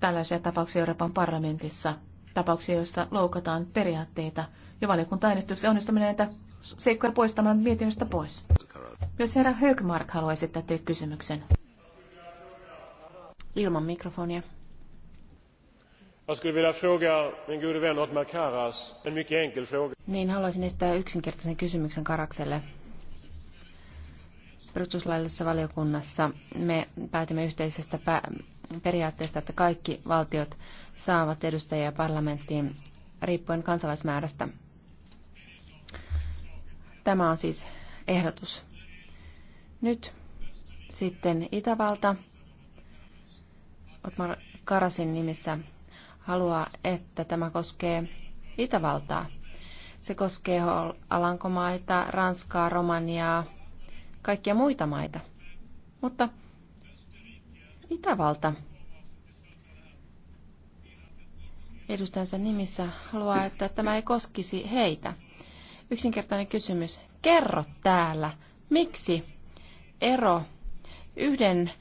tällaisia tapauksia Euroopan parlamentissa, tapauksia, joissa loukataan periaatteita ja valiokuntaäänestyksen onnistuminen näitä seikkoja poistamaan mietinnöstä pois. Jos herra Högmark haluaa esittää teille kysymyksen. Ilman mikrofonia. Jag skulle vilja fråga min gode vän Otmar Karas en mycket enkel fråga. Niin, haluaisin esittää yksinkertaisen kysymyksen Karakselle perustuslaillisessa valiokunnassa me päätimme yhteisestä periaatteesta, että kaikki valtiot saavat edustajia parlamenttiin riippuen kansalaismäärästä. Tämä on siis ehdotus. Nyt sitten Itävalta Otmar Karasin nimissä haluaa, että tämä koskee Itävaltaa. Se koskee Alankomaita, Ranskaa, Romaniaa, kaikkia muita maita. Mutta Itävalta edustajansa nimissä haluaa, että tämä ei koskisi heitä. Yksinkertainen kysymys. Kerro täällä, miksi ero yhden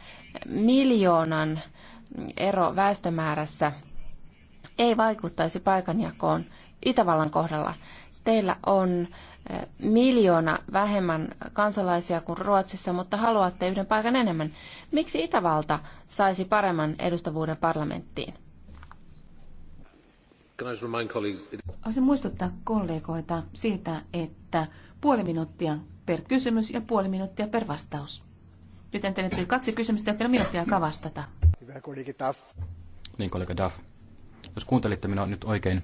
miljoonan ero väestömäärässä ei vaikuttaisi paikanjakoon Itävallan kohdalla teillä on eh, miljoona vähemmän kansalaisia kuin Ruotsissa, mutta haluatte yhden paikan enemmän. Miksi Itävalta saisi paremman edustavuuden parlamenttiin? Haluaisin muistuttaa kollegoita siitä, että puoli minuuttia per kysymys ja puoli minuuttia per vastaus. Nyt en tehnyt kaksi kysymystä että minuuttia aikaa vastata. Hyvä Niin kollega Duff. Jos kuuntelitte minua nyt oikein,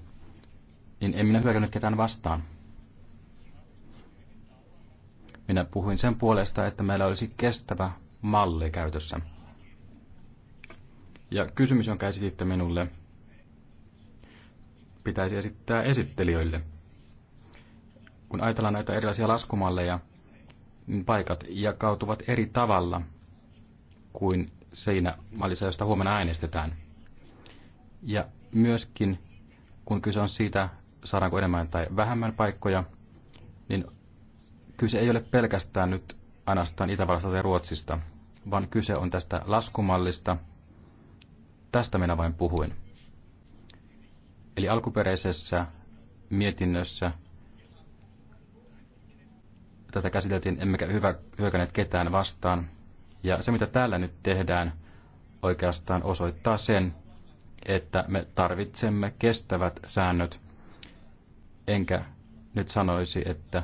niin en minä hyökännyt ketään vastaan. Minä puhuin sen puolesta, että meillä olisi kestävä malli käytössä. Ja kysymys, jonka esititte minulle, pitäisi esittää esittelijöille. Kun ajatellaan näitä erilaisia laskumalleja, niin paikat jakautuvat eri tavalla kuin seinä mallissa, josta huomenna äänestetään. Ja myöskin kun kyse on siitä, saadaanko enemmän tai vähemmän paikkoja, niin kyse ei ole pelkästään nyt ainoastaan Itävallasta tai Ruotsista, vaan kyse on tästä laskumallista. Tästä minä vain puhuin. Eli alkuperäisessä mietinnössä tätä käsiteltiin, emmekä hyvä, hyökänneet ketään vastaan. Ja se, mitä täällä nyt tehdään, oikeastaan osoittaa sen, että me tarvitsemme kestävät säännöt, enkä nyt sanoisi, että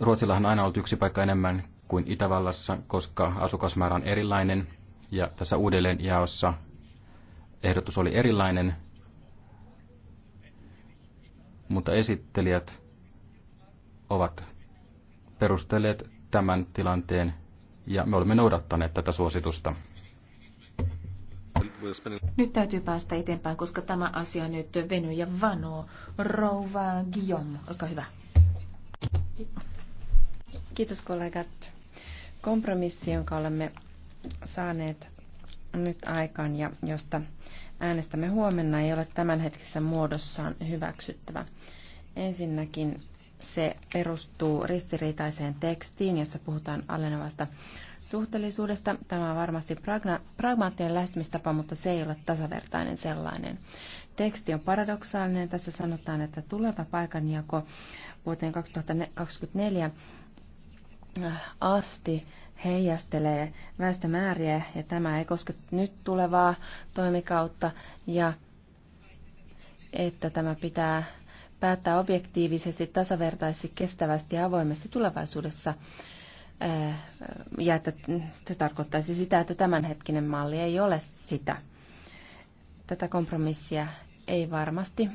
Ruotsillahan on aina ollut yksi paikka enemmän kuin Itävallassa, koska asukasmäärä on erilainen ja tässä uudelleenjaossa ehdotus oli erilainen, mutta esittelijät ovat perustelleet tämän tilanteen ja me olemme noudattaneet tätä suositusta. Nyt täytyy päästä eteenpäin, koska tämä asia nyt venyy ja vanoo. Rouva Guillaume, olkaa hyvä. Kiitos kollegat. Kompromissi, jonka olemme saaneet nyt aikaan ja josta äänestämme huomenna, ei ole tämänhetkisessä muodossaan hyväksyttävä. Ensinnäkin se perustuu ristiriitaiseen tekstiin, jossa puhutaan alenevasta suhteellisuudesta. Tämä on varmasti pragmaattinen lähestymistapa, mutta se ei ole tasavertainen sellainen. Teksti on paradoksaalinen. Tässä sanotaan, että tuleva paikanjako vuoteen 2024 asti heijastelee väestömääriä ja tämä ei koske nyt tulevaa toimikautta ja että tämä pitää päättää objektiivisesti, tasavertaisesti, kestävästi ja avoimesti tulevaisuudessa ja että se tarkoittaisi sitä, että tämänhetkinen malli ei ole sitä. Tätä kompromissia ei varmasti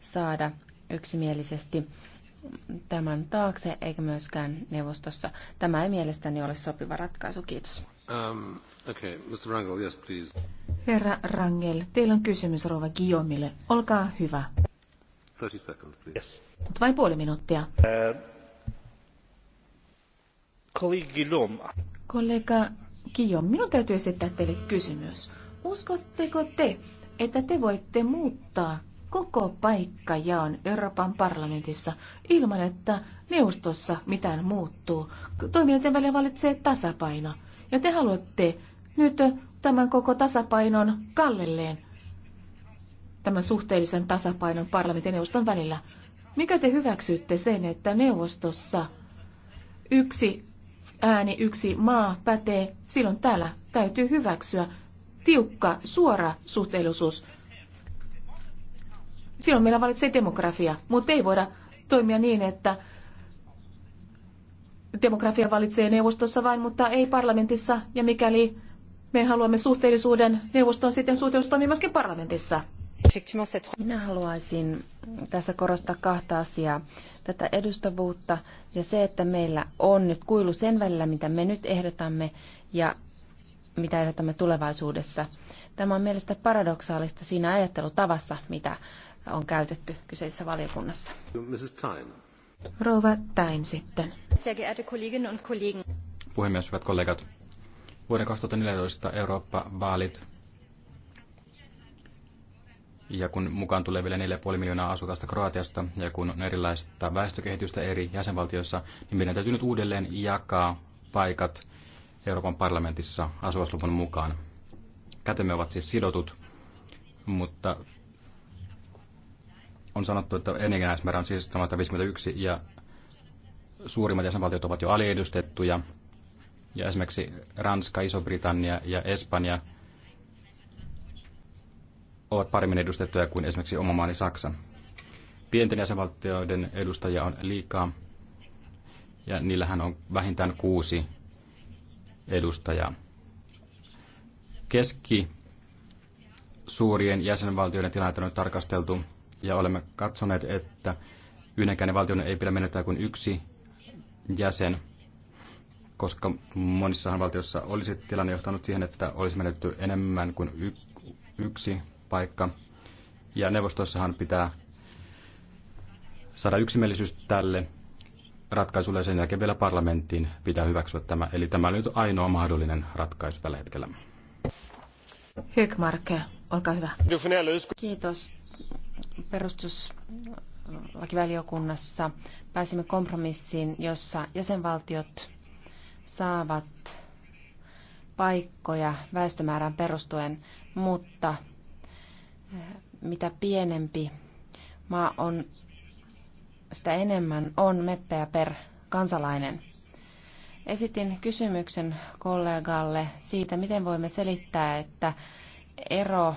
saada yksimielisesti tämän taakse, eikä myöskään neuvostossa. Tämä ei mielestäni ole sopiva ratkaisu. Kiitos. Um, okay. Mr. Rangel, yes, please. Herra Rangel, teillä on kysymys Rova Guillaumille. Olkaa hyvä. 30 seconds, please. Yes. Mutta vain puoli minuuttia. Uh, Kollega Guillaume, minun täytyy esittää teille kysymys. Uskotteko te, että te voitte muuttaa koko paikkajaon Euroopan parlamentissa ilman, että neuvostossa mitään muuttuu? Toimijoiden välillä valitsee tasapaino. Ja te haluatte nyt tämän koko tasapainon kallelleen, tämän suhteellisen tasapainon parlamentin ja neuvoston välillä. Mikä te hyväksytte sen, että neuvostossa yksi ääni, yksi maa pätee, silloin täällä täytyy hyväksyä tiukka, suora suhteellisuus. Silloin meillä valitsee demografia, mutta ei voida toimia niin, että demografia valitsee neuvostossa vain, mutta ei parlamentissa. Ja mikäli me haluamme suhteellisuuden neuvoston sitten suhteellisuus toimii myöskin parlamentissa. Minä haluaisin tässä korostaa kahta asiaa. Tätä edustavuutta ja se, että meillä on nyt kuilu sen välillä, mitä me nyt ehdotamme ja mitä ehdotamme tulevaisuudessa. Tämä on mielestäni paradoksaalista siinä ajattelutavassa, mitä on käytetty kyseisessä valiokunnassa. Mrs. Time. Rouva Tain sitten. Puhemies, hyvät kollegat. Vuoden 2014 Eurooppa-vaalit ja kun mukaan tulee vielä 4,5 miljoonaa asukasta Kroatiasta, ja kun on erilaista väestökehitystä eri jäsenvaltioissa, niin meidän täytyy nyt uudelleen jakaa paikat Euroopan parlamentissa asukasluvun mukaan. Kätemme ovat siis sidotut, mutta on sanottu, että enimmäismäärä on siis 51 ja suurimmat jäsenvaltiot ovat jo aliedustettuja, ja esimerkiksi Ranska, Iso-Britannia ja Espanja – ovat paremmin edustettuja kuin esimerkiksi oma maani Saksa. Pienten jäsenvaltioiden edustajia on liikaa ja niillähän on vähintään kuusi edustajaa. Keski suurien jäsenvaltioiden tilannetta on tarkasteltu ja olemme katsoneet, että yhdenkään valtion ei pidä menettää kuin yksi jäsen, koska monissa valtiossa olisi tilanne johtanut siihen, että olisi menetty enemmän kuin yksi paikka. Ja neuvostossahan pitää saada yksimielisyys tälle ratkaisulle ja sen jälkeen vielä parlamenttiin pitää hyväksyä tämä. Eli tämä on nyt ainoa mahdollinen ratkaisu tällä hetkellä. Högmark, olkaa hyvä. Kiitos. Perustuslakivaliokunnassa pääsimme kompromissiin, jossa jäsenvaltiot saavat paikkoja väestömäärään perustuen, mutta mitä pienempi maa on, sitä enemmän on meppejä per kansalainen. Esitin kysymyksen kollegalle siitä, miten voimme selittää, että ero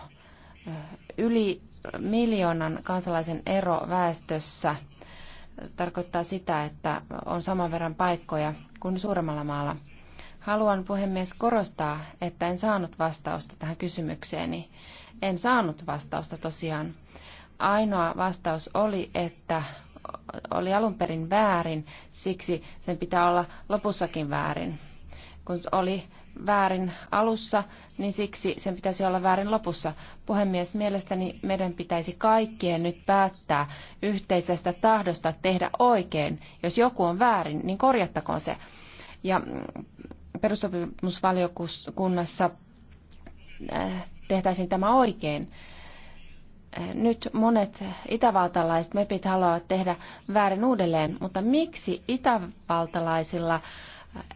yli miljoonan kansalaisen ero väestössä tarkoittaa sitä, että on saman verran paikkoja kuin suuremmalla maalla. Haluan puhemies korostaa, että en saanut vastausta tähän kysymykseeni. En saanut vastausta tosiaan. Ainoa vastaus oli, että oli alun perin väärin, siksi sen pitää olla lopussakin väärin. Kun oli väärin alussa, niin siksi sen pitäisi olla väärin lopussa. Puhemies, mielestäni meidän pitäisi kaikkien nyt päättää yhteisestä tahdosta tehdä oikein. Jos joku on väärin, niin korjattakoon se. Ja perusopimusvaliokunnassa äh, tehtäisiin tämä oikein. Äh, nyt monet itävaltalaiset mepit haluavat tehdä väärin uudelleen, mutta miksi itävaltalaisilla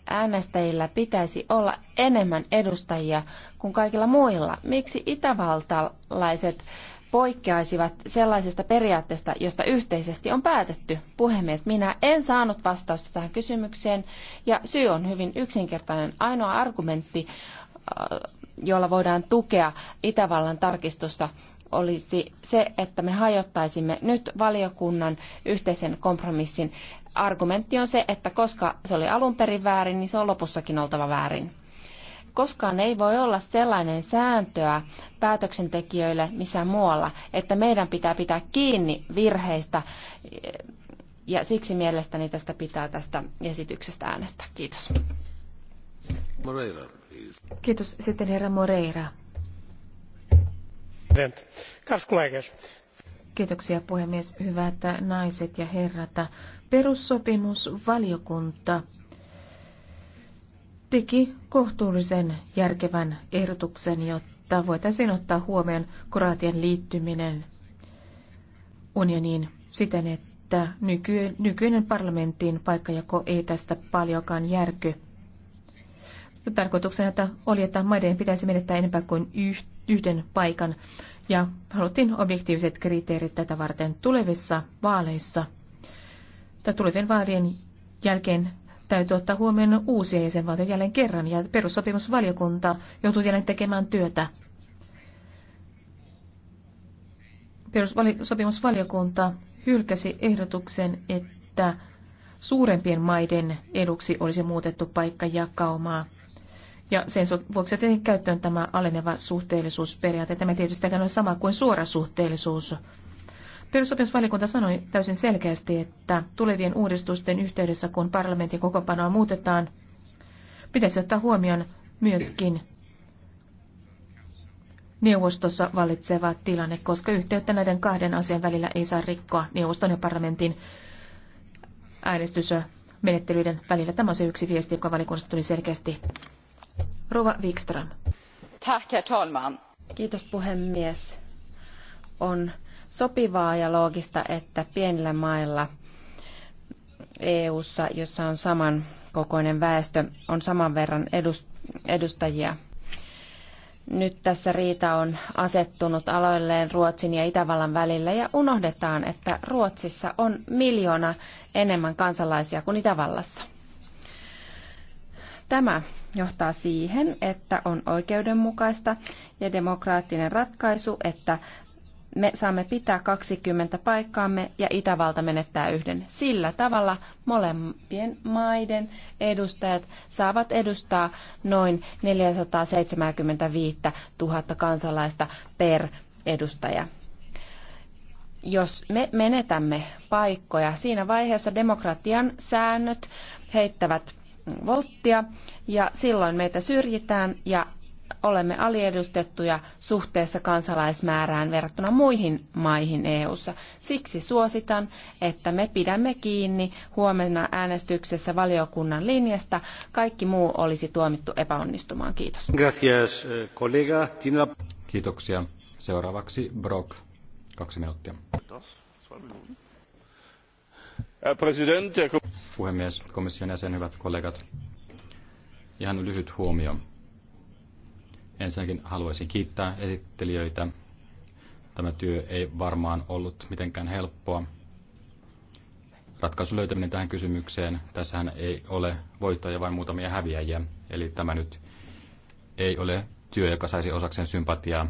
äänestäjillä pitäisi olla enemmän edustajia kuin kaikilla muilla? Miksi itävaltalaiset äh, poikkeaisivat sellaisesta periaatteesta, josta yhteisesti on päätetty. Puhemies, minä en saanut vastausta tähän kysymykseen ja syy on hyvin yksinkertainen. Ainoa argumentti, äh, jolla voidaan tukea Itävallan tarkistusta, olisi se, että me hajottaisimme nyt valiokunnan yhteisen kompromissin. Argumentti on se, että koska se oli alun perin väärin, niin se on lopussakin oltava väärin. Koskaan ei voi olla sellainen sääntöä päätöksentekijöille missään muualla, että meidän pitää pitää kiinni virheistä ja siksi mielestäni tästä pitää tästä esityksestä äänestää. Kiitos. Moreira, Kiitos. Sitten herra Moreira. Kiitoksia puhemies. Hyvät naiset ja herrat. Perussopimusvaliokunta teki kohtuullisen järkevän ehdotuksen, jotta voitaisiin ottaa huomioon Kroatian liittyminen unioniin siten, että nykyinen parlamentin paikkajako ei tästä paljonkaan järky. Tarkoituksena että oli, että maiden pitäisi menettää enempää kuin yhden paikan, ja haluttiin objektiiviset kriteerit tätä varten tulevissa vaaleissa. tulevien vaalien jälkeen täytyy ottaa huomioon uusia jäsenvaltioita jälleen kerran, ja perussopimusvaliokunta joutuu jälleen tekemään työtä. Perussopimusvaliokunta hylkäsi ehdotuksen, että suurempien maiden eduksi olisi muutettu paikkajakaumaa. Ja sen vuoksi otettiin käyttöön tämä aleneva suhteellisuusperiaate. Tämä tietysti on sama kuin suora suhteellisuus Perussopimusvaliokunta sanoi täysin selkeästi, että tulevien uudistusten yhteydessä, kun parlamentin kokopanoa muutetaan, pitäisi ottaa huomioon myöskin neuvostossa vallitseva tilanne, koska yhteyttä näiden kahden asian välillä ei saa rikkoa neuvoston ja parlamentin äänestysmenettelyiden välillä. Tämä on se yksi viesti, joka valikunnasta tuli selkeästi. Rova Wikström. Tack, herr talman. Kiitos puhemies. On sopivaa ja loogista, että pienillä mailla EU:ssa, jossa on saman kokoinen väestö, on saman verran edustajia. Nyt tässä riita on asettunut aloilleen Ruotsin ja Itävallan välillä ja unohdetaan, että Ruotsissa on miljoona enemmän kansalaisia kuin Itävallassa. Tämä johtaa siihen, että on oikeudenmukaista ja demokraattinen ratkaisu, että me saamme pitää 20 paikkaamme ja Itävalta menettää yhden. Sillä tavalla molempien maiden edustajat saavat edustaa noin 475 000 kansalaista per edustaja. Jos me menetämme paikkoja, siinä vaiheessa demokratian säännöt heittävät volttia ja silloin meitä syrjitään ja olemme aliedustettuja suhteessa kansalaismäärään verrattuna muihin maihin EU:ssa. Siksi suositan, että me pidämme kiinni huomenna äänestyksessä valiokunnan linjasta. Kaikki muu olisi tuomittu epäonnistumaan. Kiitos. Gracias, kollega. Eh, Kiitoksia. Seuraavaksi Brock. Kaksi minuuttia. Puhemies, komission jäsen, hyvät kollegat. Ihan lyhyt huomio. Ensinnäkin haluaisin kiittää esittelijöitä. Tämä työ ei varmaan ollut mitenkään helppoa. Ratkaisun löytäminen tähän kysymykseen, tässähän ei ole voittajia vain muutamia häviäjiä. Eli tämä nyt ei ole työ, joka saisi osakseen sympatiaa.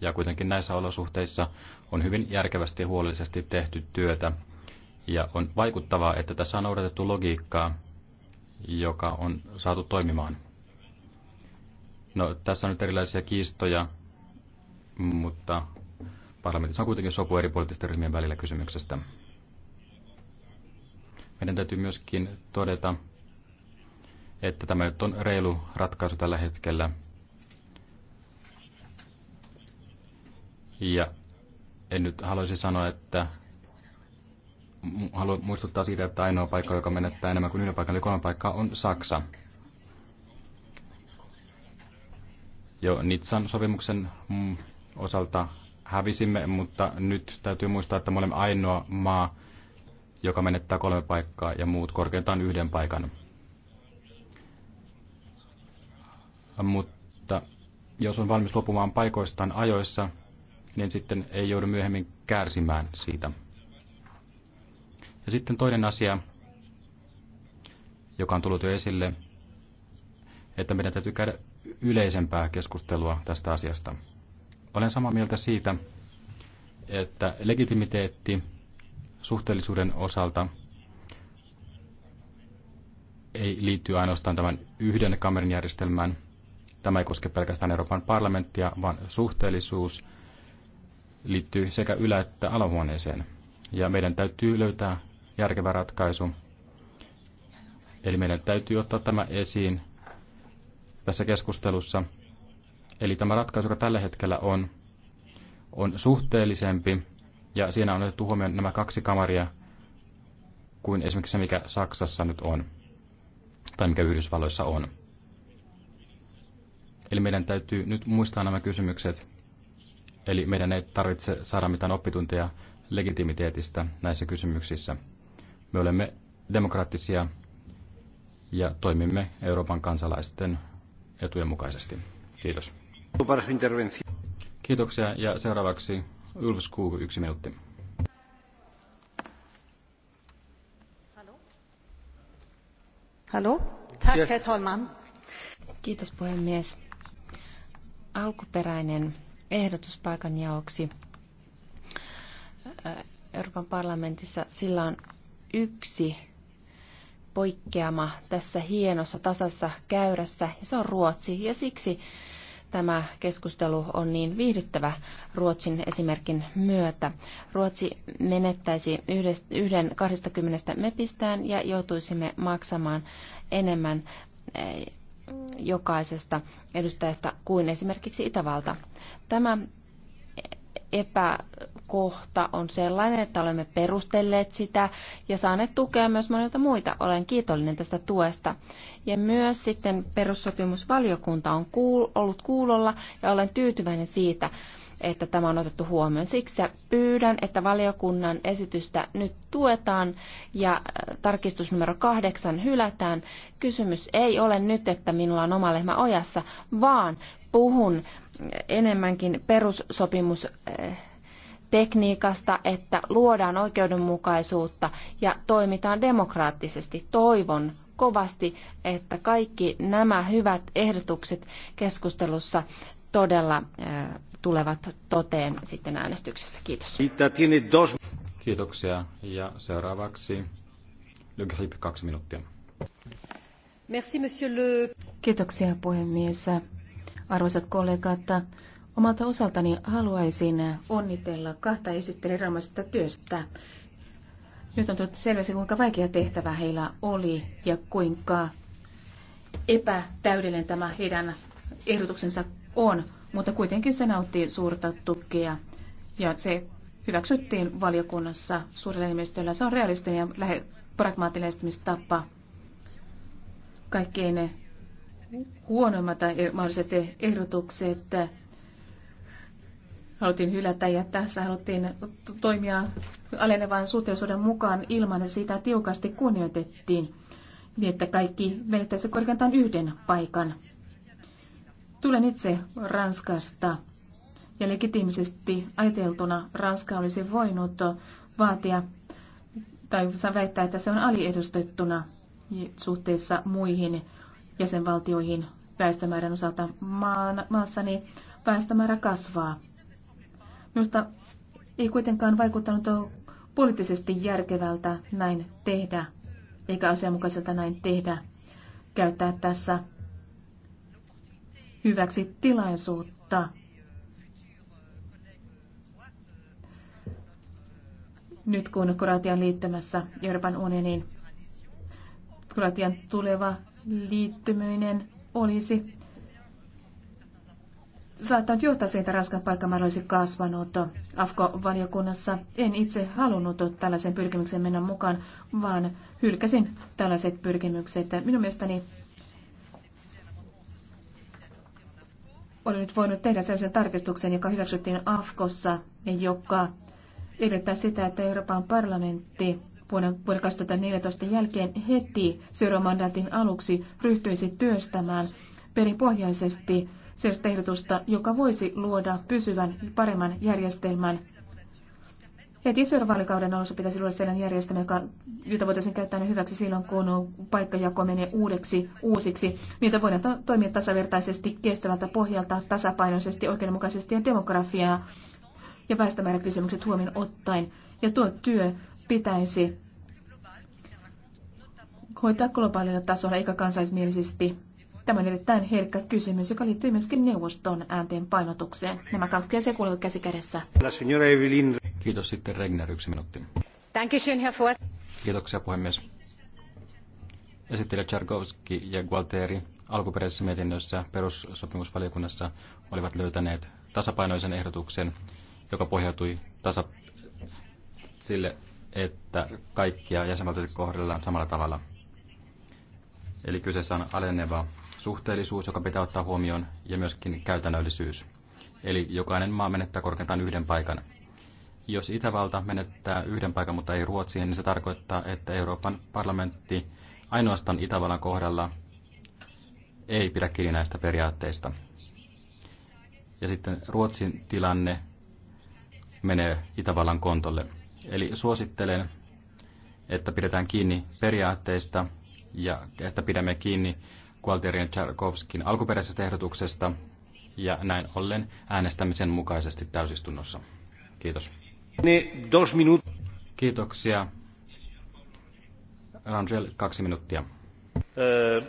Ja kuitenkin näissä olosuhteissa on hyvin järkevästi ja huolellisesti tehty työtä. Ja on vaikuttavaa, että tässä on noudatettu logiikkaa, joka on saatu toimimaan. No, tässä on nyt erilaisia kiistoja, mutta parlamentissa on kuitenkin sopu eri poliittisten ryhmien välillä kysymyksestä. Meidän täytyy myöskin todeta, että tämä nyt on reilu ratkaisu tällä hetkellä. Ja en nyt haluaisi sanoa, että haluan muistuttaa siitä, että ainoa paikka, joka menettää enemmän kuin yhden paikan, eli kolme paikkaa, on Saksa. jo Nitsan sopimuksen mm, osalta hävisimme, mutta nyt täytyy muistaa, että me olemme ainoa maa, joka menettää kolme paikkaa ja muut korkeintaan yhden paikan. Mutta jos on valmis lopumaan paikoistaan ajoissa, niin sitten ei joudu myöhemmin kärsimään siitä. Ja sitten toinen asia, joka on tullut jo esille, että meidän täytyy käydä yleisempää keskustelua tästä asiasta. Olen samaa mieltä siitä, että legitimiteetti suhteellisuuden osalta ei liity ainoastaan tämän yhden kamerin järjestelmään. Tämä ei koske pelkästään Euroopan parlamenttia, vaan suhteellisuus liittyy sekä ylä- että alahuoneeseen. Ja meidän täytyy löytää järkevä ratkaisu. Eli meidän täytyy ottaa tämä esiin tässä keskustelussa. Eli tämä ratkaisu, joka tällä hetkellä on, on suhteellisempi ja siinä on otettu huomioon nämä kaksi kamaria kuin esimerkiksi se, mikä Saksassa nyt on tai mikä Yhdysvalloissa on. Eli meidän täytyy nyt muistaa nämä kysymykset. Eli meidän ei tarvitse saada mitään oppitunteja legitimiteetistä näissä kysymyksissä. Me olemme demokraattisia ja toimimme Euroopan kansalaisten etujen mukaisesti. Kiitos. Kiitoksia ja seuraavaksi Ulf Skog, yksi minuutti. Hallo? Tack, yes. talman. Kiitos puhemies. Alkuperäinen ehdotus paikanjaoksi Euroopan parlamentissa, sillä on yksi poikkeama tässä hienossa tasassa käyrässä, ja se on Ruotsi. Ja siksi tämä keskustelu on niin viihdyttävä Ruotsin esimerkin myötä. Ruotsi menettäisi yhden 20 mepistään ja joutuisimme maksamaan enemmän eh, jokaisesta edustajasta kuin esimerkiksi Itävalta. Tämä epäkohta on sellainen, että olemme perustelleet sitä ja saaneet tukea myös monilta muita. Olen kiitollinen tästä tuesta. Ja myös sitten perussopimusvaliokunta on kuul- ollut kuulolla ja olen tyytyväinen siitä, että tämä on otettu huomioon. Siksi pyydän, että valiokunnan esitystä nyt tuetaan ja äh, tarkistus numero kahdeksan hylätään. Kysymys ei ole nyt, että minulla on oma lehmä ojassa, vaan puhun enemmänkin perussopimus tekniikasta, että luodaan oikeudenmukaisuutta ja toimitaan demokraattisesti. Toivon kovasti, että kaikki nämä hyvät ehdotukset keskustelussa todella tulevat toteen sitten äänestyksessä. Kiitos. Kiitoksia. Ja seuraavaksi Le Grip, kaksi minuuttia. Merci, monsieur le... Kiitoksia puhemies. Arvoisat kollegat, omalta osaltani haluaisin onnitella kahta esittelijäraamaisesta työstä. Nyt on tullut selväksi, kuinka vaikea tehtävä heillä oli ja kuinka epätäydellinen tämä heidän ehdotuksensa on, mutta kuitenkin se nautti suurta tukea ja se hyväksyttiin valiokunnassa suurella enemmistöllä. Se on realistinen ja lähe pragmaattinen tapa kaikkein huonoimmat e- mahdolliset e- ehdotukset haluttiin hylätä ja tässä haluttiin toimia alenevan suhteellisuuden mukaan ilman, että sitä tiukasti kunnioitettiin, niin että kaikki menettäisi korkeintaan yhden paikan. Tulen itse Ranskasta ja legitiimisesti ajateltuna Ranska olisi voinut vaatia tai saa väittää, että se on aliedustettuna suhteessa muihin jäsenvaltioihin väestömäärän osalta maan, niin väestömäärä kasvaa. Minusta ei kuitenkaan vaikuttanut poliittisesti järkevältä näin tehdä, eikä asianmukaiselta näin tehdä, käyttää tässä hyväksi tilaisuutta. Nyt kun Kroatian liittymässä Euroopan unioniin, Kroatian tuleva liittyminen olisi saattanut johtaa siihen, että Ranskan paikkamäärä olisi kasvanut. AFKO-valiokunnassa en itse halunnut tällaisen pyrkimyksen mennä mukaan, vaan hylkäsin tällaiset pyrkimykset. Minun mielestäni olen nyt voinut tehdä sellaisen tarkistuksen, joka hyväksyttiin AFKossa, joka edellyttää sitä, että Euroopan parlamentti vuonna, 2014 jälkeen heti seuraamandaatin aluksi ryhtyisi työstämään perinpohjaisesti sellaista ehdotusta, joka voisi luoda pysyvän paremman järjestelmän. Heti seuraavan vaalikauden alussa pitäisi luoda sellainen järjestelmä, joka, jota voitaisiin käyttää hyväksi silloin, kun paikkajako menee uudeksi, uusiksi. Niitä voidaan to- toimia tasavertaisesti, kestävältä pohjalta, tasapainoisesti, oikeudenmukaisesti ja demografiaa ja väestömääräkysymykset huomioon ottaen. Ja tuo työ pitäisi hoitaa globaalilla tasolla eikä kansaismielisesti. Tämä on erittäin herkkä kysymys, joka liittyy myöskin neuvoston äänteen painotukseen. Nämä kaksi asiaa kuuluvat käsi kädessä. Kiitos sitten Regner, yksi minuutti. Kiitoksia puhemies. Esittelijä Czarkovski ja Gualteri alkuperäisessä mietinnössä perussopimusvaliokunnassa olivat löytäneet tasapainoisen ehdotuksen, joka pohjautui tasa, sille että kaikkia jäsenvaltioita kohdellaan samalla tavalla. Eli kyseessä on aleneva suhteellisuus, joka pitää ottaa huomioon, ja myöskin käytännöllisyys. Eli jokainen maa menettää korkeintaan yhden paikan. Jos Itävalta menettää yhden paikan, mutta ei Ruotsiin, niin se tarkoittaa, että Euroopan parlamentti ainoastaan Itävallan kohdalla ei pidä kiinni näistä periaatteista. Ja sitten Ruotsin tilanne menee Itävallan kontolle. Eli suosittelen, että pidetään kiinni periaatteista ja että pidämme kiinni Gualtierin Tcharkovskin alkuperäisestä ehdotuksesta ja näin ollen äänestämisen mukaisesti täysistunnossa. Kiitos. Ne niin, dos minut- Kiitoksia. Rangel, kaksi minuuttia. Eh,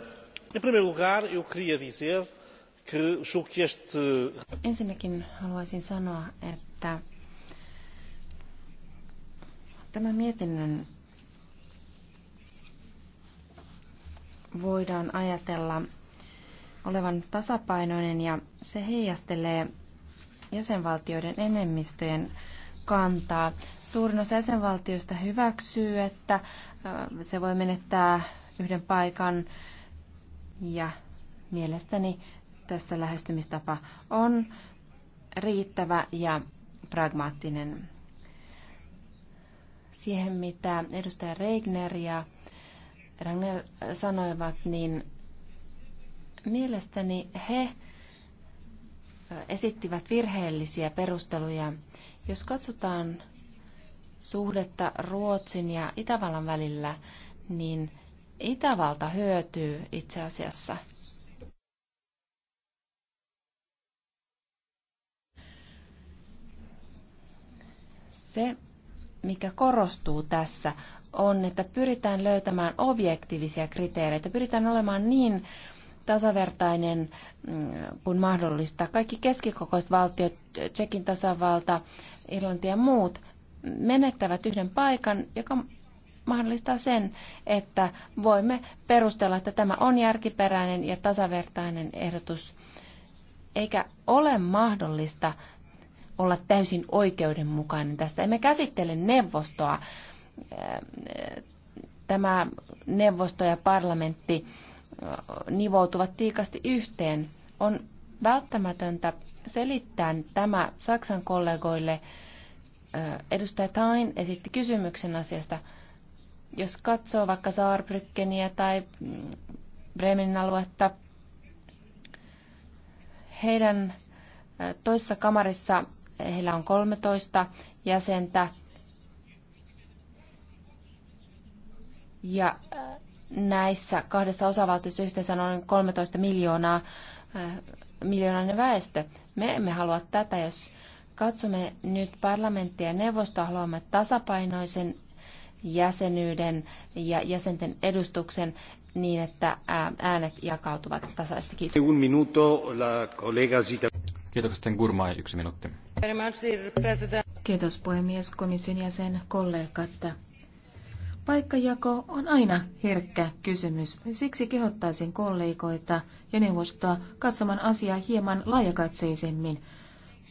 Ensinnäkin haluaisin sanoa, että Tämän mietinnön voidaan ajatella olevan tasapainoinen ja se heijastelee jäsenvaltioiden enemmistöjen kantaa. Suurin osa jäsenvaltioista hyväksyy, että se voi menettää yhden paikan ja mielestäni tässä lähestymistapa on riittävä ja pragmaattinen siihen, mitä edustaja Reigner ja Rangel sanoivat, niin mielestäni he esittivät virheellisiä perusteluja. Jos katsotaan suhdetta Ruotsin ja Itävallan välillä, niin Itävalta hyötyy itse asiassa. Se, mikä korostuu tässä, on, että pyritään löytämään objektiivisia kriteereitä, pyritään olemaan niin tasavertainen mm, kuin mahdollista. Kaikki keskikokoiset valtiot, Tsekin tasavalta, Irlanti ja muut menettävät yhden paikan, joka mahdollistaa sen, että voimme perustella, että tämä on järkiperäinen ja tasavertainen ehdotus, eikä ole mahdollista olla täysin oikeudenmukainen tästä. Emme käsittele neuvostoa. Tämä neuvosto ja parlamentti nivoutuvat tiikasti yhteen. On välttämätöntä selittää tämä Saksan kollegoille. Edustaja Tain esitti kysymyksen asiasta. Jos katsoo vaikka Saarbrückeniä tai mm, Bremenin aluetta, heidän toisessa kamarissa heillä on 13 jäsentä. Ja äh, näissä kahdessa osavaltiossa yhteensä on noin 13 miljoonaa äh, miljoonan väestö. Me emme halua tätä, jos katsomme nyt parlamenttia ja neuvostoa, haluamme tasapainoisen jäsenyyden ja jäsenten edustuksen niin, että äänet jakautuvat tasaisesti. Kiitos. Kiitoksia, Gurmai, yksi minuutti. Kiitos puhemies, komission jäsen, kollegat. Paikkajako on aina herkkä kysymys. Siksi kehottaisin kollegoita ja neuvostoa katsomaan asiaa hieman laajakatseisemmin.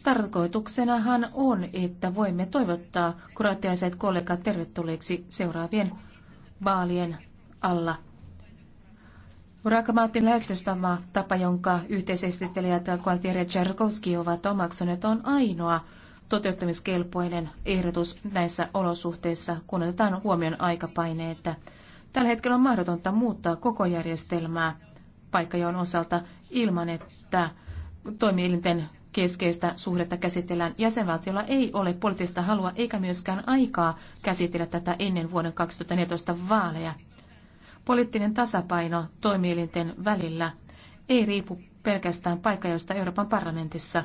Tarkoituksenahan on, että voimme toivottaa kroatialaiset kollegat tervetulleeksi seuraavien vaalien alla Rakamaatin lähestystapa, tapa, jonka yhteisesittelijät Gualtieri ja Tchaikovsky ovat omaksuneet, on ainoa toteuttamiskelpoinen ehdotus näissä olosuhteissa, kun otetaan huomioon aikapaineet. Tällä hetkellä on mahdotonta muuttaa koko järjestelmää paikkajoon osalta ilman, että toimielinten keskeistä suhdetta käsitellään. Jäsenvaltiolla ei ole poliittista halua eikä myöskään aikaa käsitellä tätä ennen vuoden 2014 vaaleja. Poliittinen tasapaino toimielinten välillä ei riipu pelkästään paikkajoista Euroopan parlamentissa.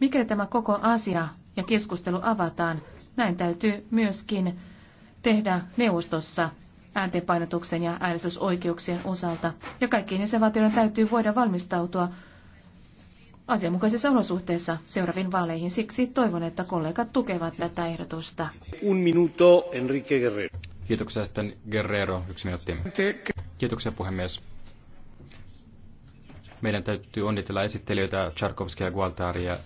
Mikäli tämä koko asia ja keskustelu avataan, näin täytyy myöskin tehdä neuvostossa ääntenpainotuksen ja äänestysoikeuksien osalta. Ja kaikkiin jäsenvaltioiden täytyy voida valmistautua asianmukaisissa olosuhteissa seuraaviin vaaleihin. Siksi toivon, että kollegat tukevat tätä ehdotusta. Un minuto, Enrique Guerrero. Kiitoksia sitten Guerrero, yksi minuutti. Kiitoksia puhemies. Meidän täytyy onnitella esittelijöitä Tcharkovskia ja Gualtaria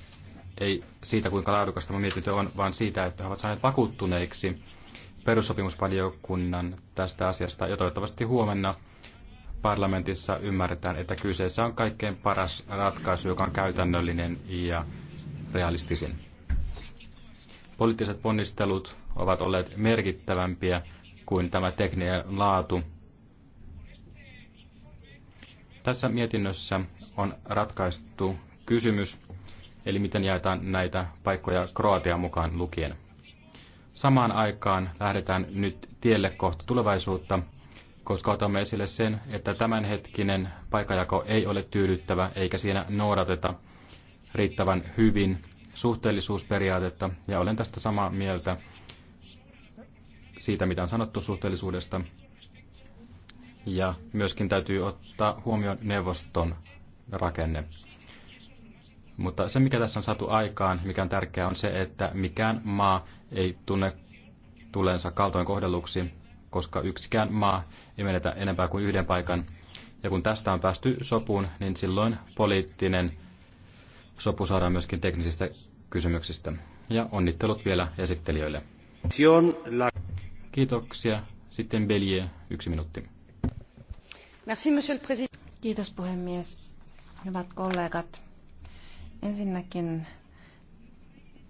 ei siitä, kuinka laadukas tämä mietintö on, vaan siitä, että he ovat saaneet vakuuttuneiksi perussopimuspaljokunnan tästä asiasta. Ja toivottavasti huomenna parlamentissa ymmärretään, että kyseessä on kaikkein paras ratkaisu, joka on käytännöllinen ja realistisin. Poliittiset ponnistelut ovat olleet merkittävämpiä kuin tämä tekninen laatu. Tässä mietinnössä on ratkaistu kysymys, eli miten jaetaan näitä paikkoja Kroatian mukaan lukien. Samaan aikaan lähdetään nyt tielle kohti tulevaisuutta, koska otamme esille sen, että tämänhetkinen paikajako ei ole tyydyttävä eikä siinä noudateta riittävän hyvin suhteellisuusperiaatetta, ja olen tästä samaa mieltä siitä, mitä on sanottu suhteellisuudesta. Ja myöskin täytyy ottaa huomioon neuvoston rakenne. Mutta se, mikä tässä on saatu aikaan, mikä on tärkeää, on se, että mikään maa ei tunne tuleensa kaltoin kohdelluksi, koska yksikään maa ei menetä enempää kuin yhden paikan. Ja kun tästä on päästy sopuun, niin silloin poliittinen sopu saadaan myöskin teknisistä kysymyksistä. Ja onnittelut vielä esittelijöille. Kiitoksia. Sitten Belje, yksi minuutti. Merci, monsieur le président. Kiitos puhemies. Hyvät kollegat, ensinnäkin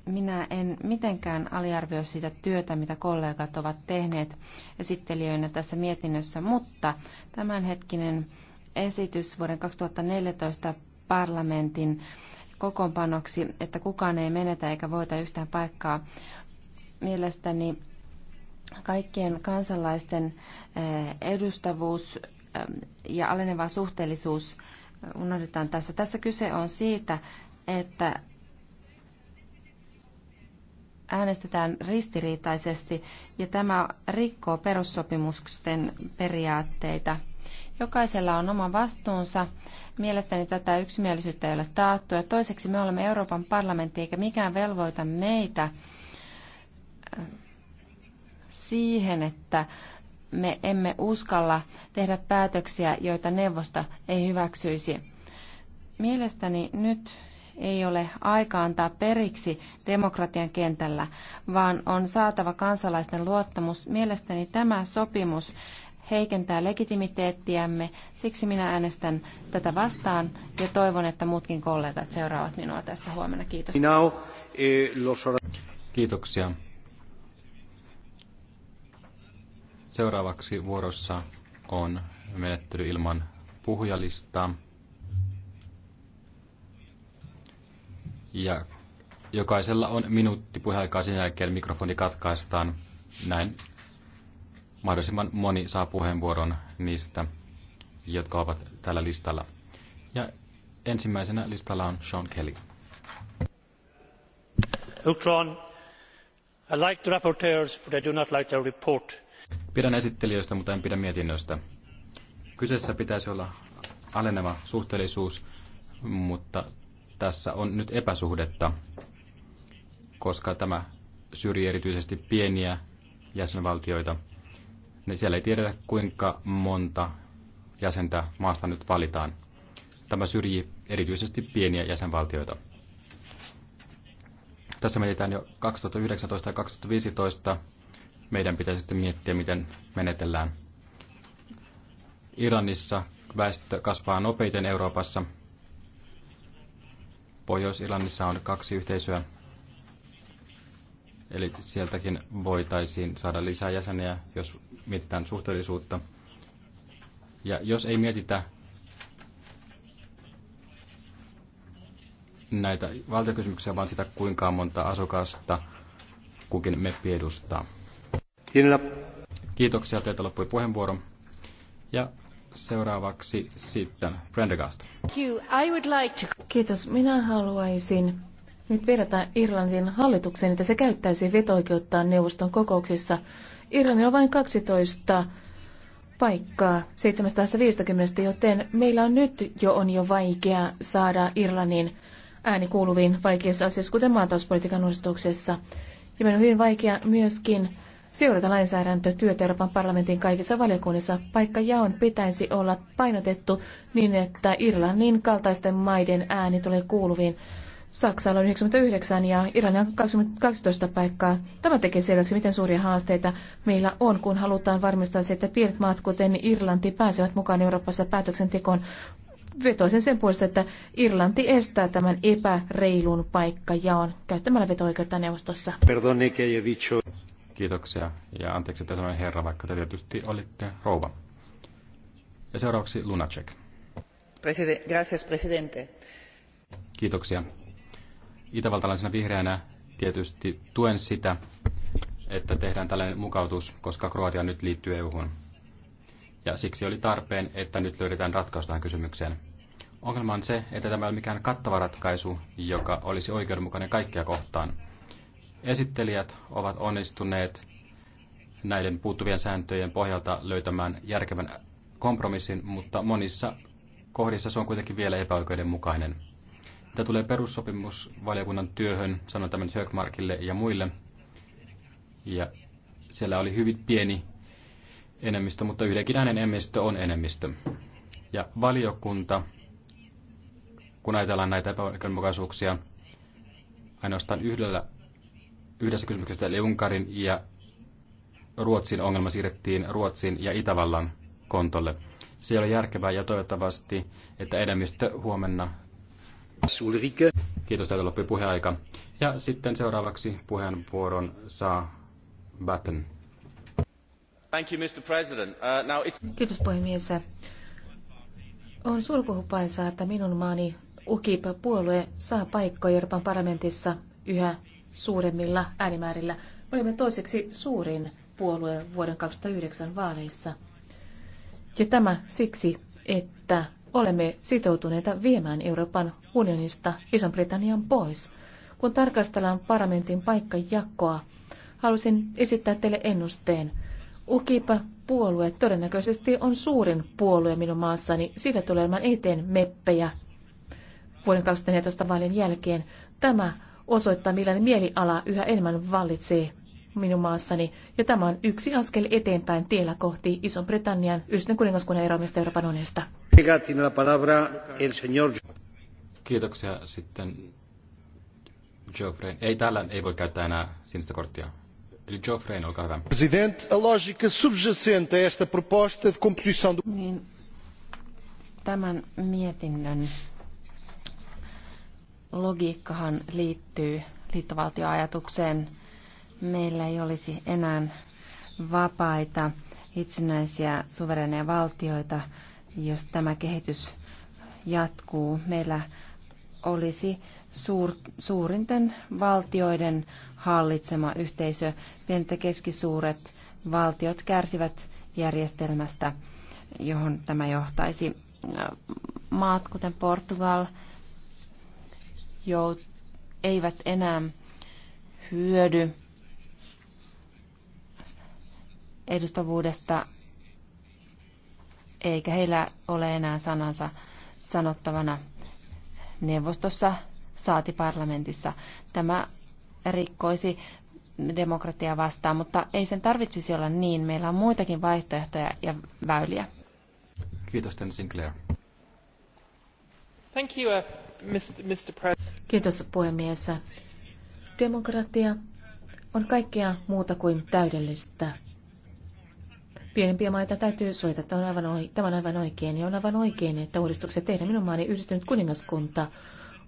minä en mitenkään aliarvioi sitä työtä, mitä kollegat ovat tehneet esittelijöinä tässä mietinnössä, mutta tämänhetkinen esitys vuoden 2014 parlamentin kokoonpanoksi, että kukaan ei menetä eikä voita yhtään paikkaa, mielestäni kaikkien kansalaisten eh, edustavuus eh, ja aleneva suhteellisuus eh, unohdetaan tässä. Tässä kyse on siitä, että äänestetään ristiriitaisesti ja tämä rikkoo perussopimusten periaatteita. Jokaisella on oma vastuunsa. Mielestäni tätä yksimielisyyttä ei ole taattu. Ja toiseksi me olemme Euroopan parlamentti eikä mikään velvoita meitä siihen, että me emme uskalla tehdä päätöksiä, joita neuvosto ei hyväksyisi. Mielestäni nyt ei ole aika antaa periksi demokratian kentällä, vaan on saatava kansalaisten luottamus. Mielestäni tämä sopimus heikentää legitimiteettiämme, siksi minä äänestän tätä vastaan ja toivon, että muutkin kollegat seuraavat minua tässä huomenna. Kiitos. Eh, Kiitoksia. Seuraavaksi vuorossa on menettely ilman puhujalistaa. Ja jokaisella on minuutti puheaikaa sen jälkeen mikrofoni katkaistaan. Näin mahdollisimman moni saa puheenvuoron niistä, jotka ovat tällä listalla. Ja ensimmäisenä listalla on Sean Kelly. Ukron. I like the rapporteurs, but I do not like their report Pidän esittelijöistä, mutta en pidä mietinnöistä. Kyseessä pitäisi olla aleneva suhteellisuus, mutta tässä on nyt epäsuhdetta, koska tämä syrjii erityisesti pieniä jäsenvaltioita. Niin siellä ei tiedetä, kuinka monta jäsentä maasta nyt valitaan. Tämä syrjii erityisesti pieniä jäsenvaltioita. Tässä mietitään jo 2019 ja 2015 meidän pitäisi sitten miettiä, miten menetellään. Iranissa väestö kasvaa nopeiten Euroopassa. pohjois iranissa on kaksi yhteisöä. Eli sieltäkin voitaisiin saada lisää jäseniä, jos mietitään suhteellisuutta. Ja jos ei mietitä näitä valtakysymyksiä, vaan sitä, kuinka monta asukasta kukin meppi edustaa. Kiitoksia, teiltä loppui puheenvuoro. Ja seuraavaksi sitten Prendergast. Kiitos. Minä haluaisin nyt verrata Irlannin hallitukseen, että se käyttäisi vetoikeuttaan neuvoston kokouksissa. Irlannilla on vain 12 paikkaa 750, joten meillä on nyt jo on jo vaikea saada Irlannin ääni kuuluviin vaikeissa asioissa, kuten maatalouspolitiikan uudistuksessa. Ja meillä on hyvin vaikea myöskin seurata lainsäädäntö Euroopan parlamentin kaikissa valiokunnissa. Paikkajaon pitäisi olla painotettu niin, että Irlannin kaltaisten maiden ääni tulee kuuluviin. Saksalla on 99 ja Irlannilla on 12 paikkaa. Tämä tekee selväksi, miten suuria haasteita meillä on, kun halutaan varmistaa se, että pienet maat, kuten Irlanti, pääsevät mukaan Euroopassa päätöksentekoon. Vetoisen sen puolesta, että Irlanti estää tämän epäreilun paikkajaon käyttämällä veto-oikeutta neuvostossa. Perdone, Kiitoksia ja anteeksi, että sanoin herra, vaikka te tietysti olitte rouva. Ja seuraavaksi Lunacek. President, gracias, presidente. Kiitoksia. Itävaltalaisena vihreänä tietysti tuen sitä, että tehdään tällainen mukautus, koska Kroatia nyt liittyy EU-hun. Ja siksi oli tarpeen, että nyt löydetään ratkaus tähän kysymykseen. Ongelma on se, että tämä ei ole mikään kattava ratkaisu, joka olisi oikeudenmukainen kaikkia kohtaan – Esittelijät ovat onnistuneet näiden puuttuvien sääntöjen pohjalta löytämään järkevän kompromissin, mutta monissa kohdissa se on kuitenkin vielä epäoikeudenmukainen. Mitä tulee perussopimusvaliokunnan työhön, sanon tämän Högmarkille ja muille, ja siellä oli hyvin pieni enemmistö, mutta yhdenkin äänen enemmistö on enemmistö. Ja valiokunta, kun ajatellaan näitä epäoikeudenmukaisuuksia, ainoastaan yhdellä yhdessä kysymyksessä, eli Unkarin ja Ruotsin ongelma siirrettiin Ruotsin ja Itävallan kontolle. Se ei ole järkevää ja toivottavasti, että enemmistö huomenna. Kiitos, täältä loppui puheaika. Ja sitten seuraavaksi puheenvuoron saa Batten. Thank you, Mr. President. Uh, now it's... Kiitos puhemies. On surkuhupaisaa, että minun maani UKIP-puolue saa paikkoja Euroopan parlamentissa yhä suuremmilla äänimäärillä. Olimme toiseksi suurin puolue vuoden 2009 vaaleissa. Ja tämä siksi, että olemme sitoutuneita viemään Euroopan unionista iso britannian pois. Kun tarkastellaan parlamentin paikkajakoa, halusin esittää teille ennusteen. Ukipa puolue todennäköisesti on suurin puolue minun maassani. Siitä tulee olemaan eteen meppejä vuoden 2014 vaalien jälkeen. Tämä osoittaa, millainen mieliala yhä enemmän vallitsee minun maassani. Ja tämä on yksi askel eteenpäin tiellä kohti Ison-Britannian yhdistön kuningaskunnan eroamista Euroopan unionista. Kiitoksia sitten Geoffrey. Ei, täällä ei voi käyttää enää sinistä korttia. Eli Geoffrey, olkaa hyvä. President, a logica subjacente esta proposta de composição do... Niin, tämän mietinnön logiikkahan liittyy liittovaltioajatukseen. Meillä ei olisi enää vapaita itsenäisiä suvereneja valtioita, jos tämä kehitys jatkuu. Meillä olisi suur, suurinten valtioiden hallitsema yhteisö. Pienet ja keskisuuret valtiot kärsivät järjestelmästä, johon tämä johtaisi. Maat kuten Portugal, jout, eivät enää hyödy edustavuudesta, eikä heillä ole enää sanansa sanottavana neuvostossa saati parlamentissa. Tämä rikkoisi demokratiaa vastaan, mutta ei sen tarvitsisi olla niin. Meillä on muitakin vaihtoehtoja ja väyliä. Kiitos, Sinclair. Thank you. Uh, Kiitos puhemies. Demokratia on kaikkea muuta kuin täydellistä. Pienempiä maita täytyy suojata. Tämä on aivan, oikein. Tämä on aivan oikein. Ja on aivan oikein, että uudistukset tehdään. Minun maani yhdistynyt kuningaskunta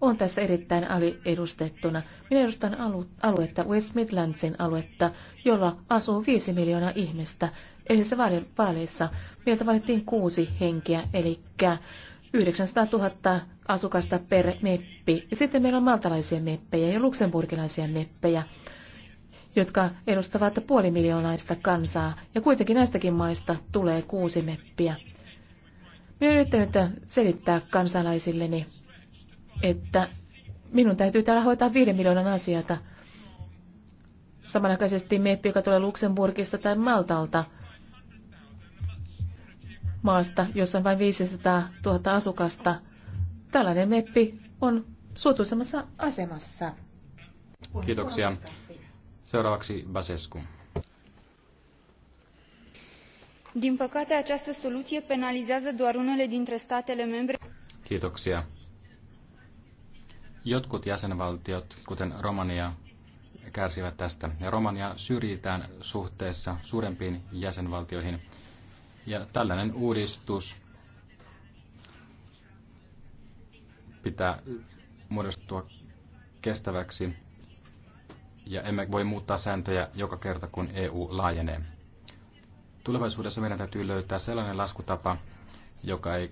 on tässä erittäin aliedustettuna. Minä edustan aluetta, West Midlandsin aluetta, jolla asuu viisi miljoonaa ihmistä. Eli se vaaleissa meiltä valittiin kuusi henkeä, eli 900 000 asukasta per meppi. Ja sitten meillä on maltalaisia meppejä ja luksemburgilaisia meppejä, jotka edustavat puoli miljoonaista kansaa. Ja kuitenkin näistäkin maista tulee kuusi meppiä. Minä olen yrittänyt selittää kansalaisilleni, että minun täytyy täällä hoitaa viiden miljoonan asiata. Samanaikaisesti meppi, joka tulee Luxemburgista tai Maltalta, maasta, jossa on vain 500 000 asukasta, tällainen meppi on suotuisemmassa asemassa. Kiitoksia. Seuraavaksi Basescu. Din păcate, această soluție penalizează doar unele dintre statele membre. Kiitoksia. Jotkut jäsenvaltiot, kuten Romania, kärsivät tästä. Ja Romania syrjitään suhteessa suurempiin jäsenvaltioihin. Ja tällainen uudistus pitää muodostua kestäväksi ja emme voi muuttaa sääntöjä joka kerta, kun EU laajenee. Tulevaisuudessa meidän täytyy löytää sellainen laskutapa, joka ei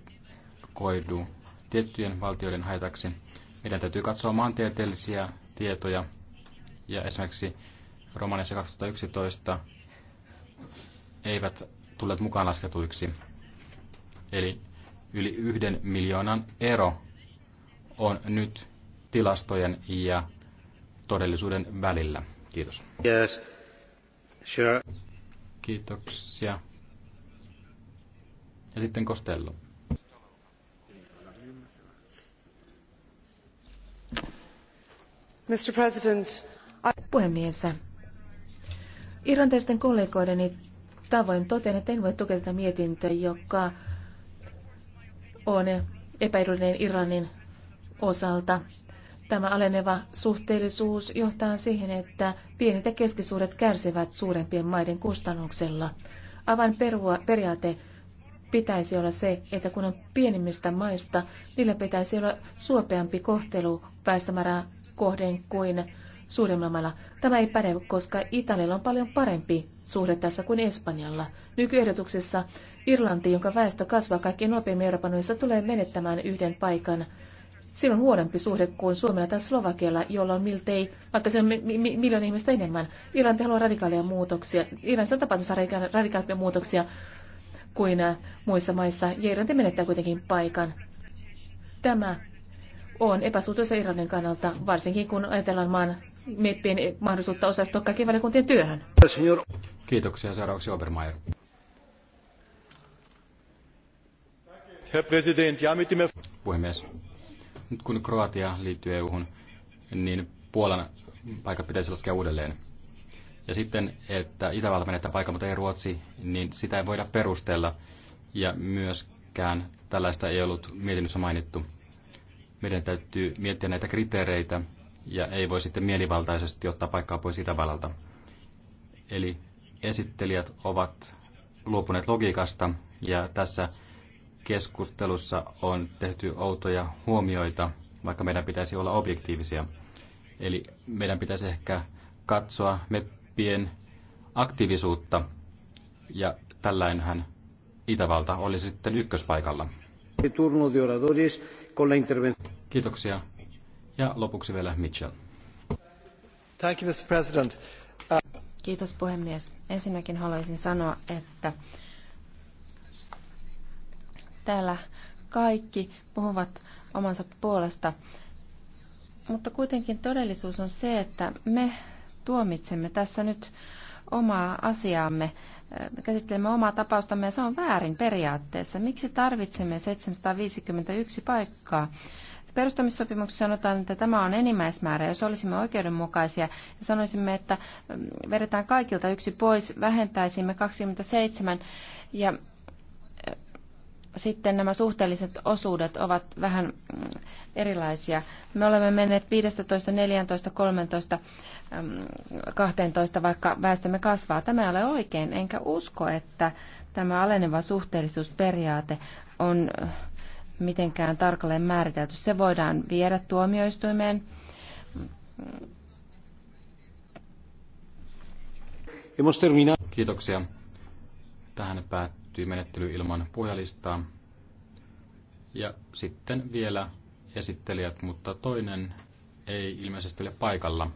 koidu tiettyjen valtioiden haitaksi. Meidän täytyy katsoa maantieteellisiä tietoja ja esimerkiksi Romaniassa 2011 eivät tulleet mukaan lasketuiksi. Eli yli yhden miljoonan ero on nyt tilastojen ja todellisuuden välillä. Kiitos. Yes. Sure. Kiitoksia. Ja sitten Costello. Mr. President, I... Puhemies, irlantilaisten kollegoideni tavoin totean, että en voi tukea tätä mietintöä, joka on epäedullinen Iranin osalta. Tämä aleneva suhteellisuus johtaa siihen, että pienet ja keskisuuret kärsivät suurempien maiden kustannuksella. Avan perua, periaate pitäisi olla se, että kun on pienimmistä maista, niillä pitäisi olla suopeampi kohtelu väestömäärää kohden kuin suuremmalla Tämä ei päde, koska Italialla on paljon parempi suhde tässä kuin Espanjalla. Nykyehdotuksessa Irlanti, jonka väestö kasvaa kaikkein nopeimmin Euroopan unionissa, tulee menettämään yhden paikan. Siinä on huonompi suhde kuin Suomella tai Slovakialla, jolla on miltei, vaikka se on mi- mi- miljoona ihmistä enemmän. Irlanti haluaa radikaaleja muutoksia. Irlannissa on tapahtunut radikaalia muutoksia kuin äh, muissa maissa, ja Irlanti menettää kuitenkin paikan. Tämä on epäsuhtuisa Irlannin kannalta, varsinkin kun ajatellaan maan MEPin mahdollisuutta osallistua kaikkien valiokuntien työhön. Kiitoksia. Seuraavaksi Obermeier. Puhemies. Nyt kun Kroatia liittyy eu niin Puolan paikat pitäisi laskea uudelleen. Ja sitten, että Itävalta menettää paikan, mutta ei Ruotsi, niin sitä ei voida perustella. Ja myöskään tällaista ei ollut mietinnössä mainittu. Meidän täytyy miettiä näitä kriteereitä, ja ei voi sitten mielivaltaisesti ottaa paikkaa pois Itävallalta. Eli esittelijät ovat luopuneet logiikasta ja tässä keskustelussa on tehty outoja huomioita, vaikka meidän pitäisi olla objektiivisia. Eli meidän pitäisi ehkä katsoa meppien aktiivisuutta ja tällainhän Itävalta olisi sitten ykköspaikalla. Kiitoksia. Ja lopuksi vielä Mitchell. Thank you, Mr. President. Uh... Kiitos puhemies. Ensinnäkin haluaisin sanoa, että täällä kaikki puhuvat omansa puolesta, mutta kuitenkin todellisuus on se, että me tuomitsemme tässä nyt omaa asiaamme, käsittelemme omaa tapaustamme ja se on väärin periaatteessa. Miksi tarvitsemme 751 paikkaa? Perustamissopimuksessa sanotaan, että tämä on enimmäismäärä. Jos olisimme oikeudenmukaisia ja niin sanoisimme, että mm, vedetään kaikilta yksi pois, vähentäisimme 27 ja mm, sitten nämä suhteelliset osuudet ovat vähän mm, erilaisia. Me olemme menneet 15, 14, 13, 12, vaikka väestömme kasvaa. Tämä ei ole oikein, enkä usko, että tämä aleneva suhteellisuusperiaate on mitenkään tarkalleen määritelty. Se voidaan viedä tuomioistuimeen. Kiitoksia. Tähän päättyy menettely ilman puhelistaa. Ja sitten vielä esittelijät, mutta toinen ei ilmeisesti ole paikalla.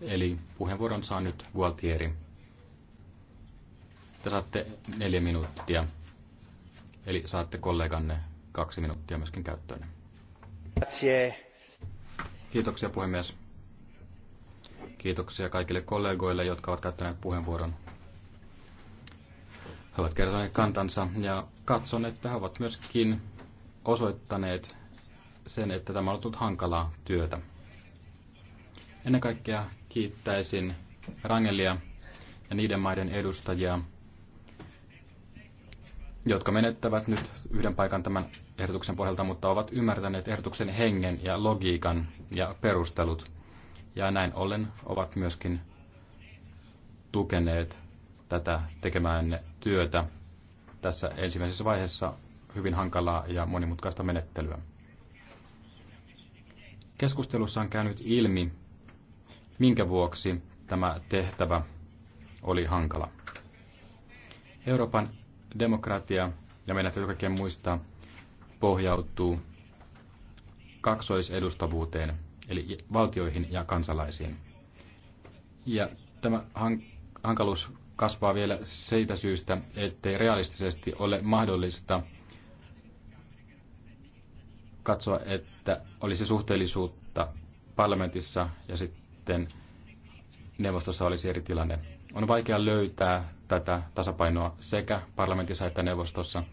Eli puheenvuoron saa nyt Gualtieri. Te saatte neljä minuuttia. Eli saatte kolleganne kaksi minuuttia myöskin käyttöön. Kiitoksia puhemies. Kiitoksia kaikille kollegoille, jotka ovat käyttäneet puheenvuoron. He ovat kertoneet kantansa ja katson, että he ovat myöskin osoittaneet sen, että tämä on ollut hankalaa työtä. Ennen kaikkea kiittäisin Rangelia ja niiden maiden edustajia, jotka menettävät nyt yhden paikan tämän ehdotuksen pohjalta, mutta ovat ymmärtäneet ehdotuksen hengen ja logiikan ja perustelut. Ja näin ollen ovat myöskin tukeneet tätä tekemään työtä tässä ensimmäisessä vaiheessa hyvin hankalaa ja monimutkaista menettelyä. Keskustelussa on käynyt ilmi, minkä vuoksi tämä tehtävä oli hankala. Euroopan demokratia, ja meidän täytyy kaikkien muistaa, pohjautuu kaksoisedustavuuteen, eli valtioihin ja kansalaisiin. Ja tämä hankaluus kasvaa vielä seitä syystä, ettei realistisesti ole mahdollista katsoa, että olisi suhteellisuutta parlamentissa ja sitten neuvostossa olisi eri tilanne. On vaikea löytää tätä tasapainoa sekä parlamentissa että neuvostossa,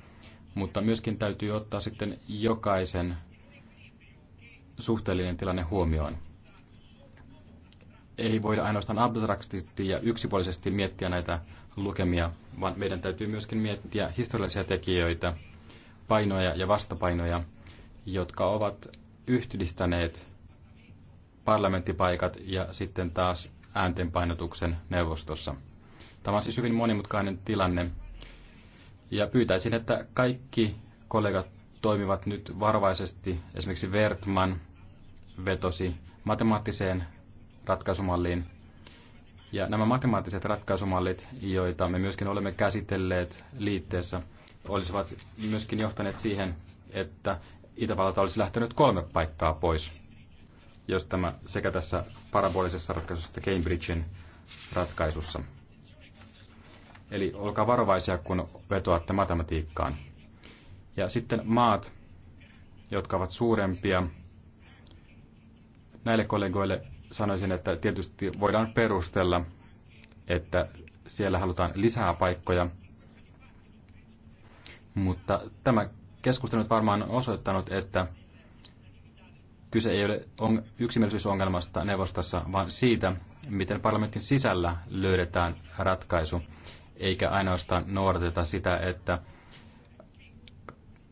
mutta myöskin täytyy ottaa sitten jokaisen suhteellinen tilanne huomioon. Ei voida ainoastaan abstraktisti ja yksipuolisesti miettiä näitä lukemia, vaan meidän täytyy myöskin miettiä historiallisia tekijöitä, painoja ja vastapainoja, jotka ovat yhdistäneet parlamenttipaikat ja sitten taas ääntenpainotuksen neuvostossa. Tämä on siis hyvin monimutkainen tilanne. Ja pyytäisin, että kaikki kollegat toimivat nyt varovaisesti. Esimerkiksi Vertman vetosi matemaattiseen ratkaisumalliin. Ja nämä matemaattiset ratkaisumallit, joita me myöskin olemme käsitelleet liitteessä, olisivat myöskin johtaneet siihen, että Itävalta olisi lähtenyt kolme paikkaa pois jos tämä sekä tässä parabolisessa ratkaisussa että Cambridgein ratkaisussa. Eli olkaa varovaisia, kun vetoatte matematiikkaan. Ja sitten maat, jotka ovat suurempia. Näille kollegoille sanoisin, että tietysti voidaan perustella, että siellä halutaan lisää paikkoja. Mutta tämä keskustelu nyt varmaan on osoittanut, että Kyse ei ole on, yksimielisyysongelmasta neuvostossa, vaan siitä, miten parlamentin sisällä löydetään ratkaisu, eikä ainoastaan noudateta sitä, että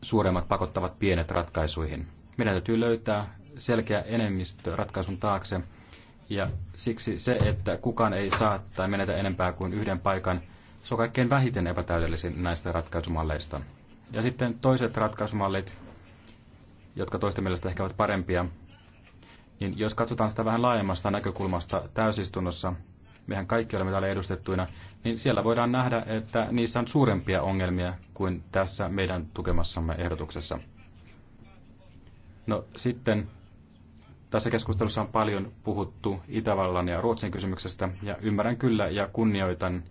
suuremmat pakottavat pienet ratkaisuihin. Meidän täytyy löytää selkeä enemmistö ratkaisun taakse, ja siksi se, että kukaan ei saa tai menetä enempää kuin yhden paikan, se on kaikkein vähiten epätäydellisin näistä ratkaisumalleista. Ja sitten toiset ratkaisumallit, jotka toisten mielestä ehkä ovat parempia, niin jos katsotaan sitä vähän laajemmasta näkökulmasta täysistunnossa, mehän kaikki olemme täällä edustettuina, niin siellä voidaan nähdä, että niissä on suurempia ongelmia kuin tässä meidän tukemassamme ehdotuksessa. No sitten tässä keskustelussa on paljon puhuttu Itävallan ja Ruotsin kysymyksestä, ja ymmärrän kyllä ja kunnioitan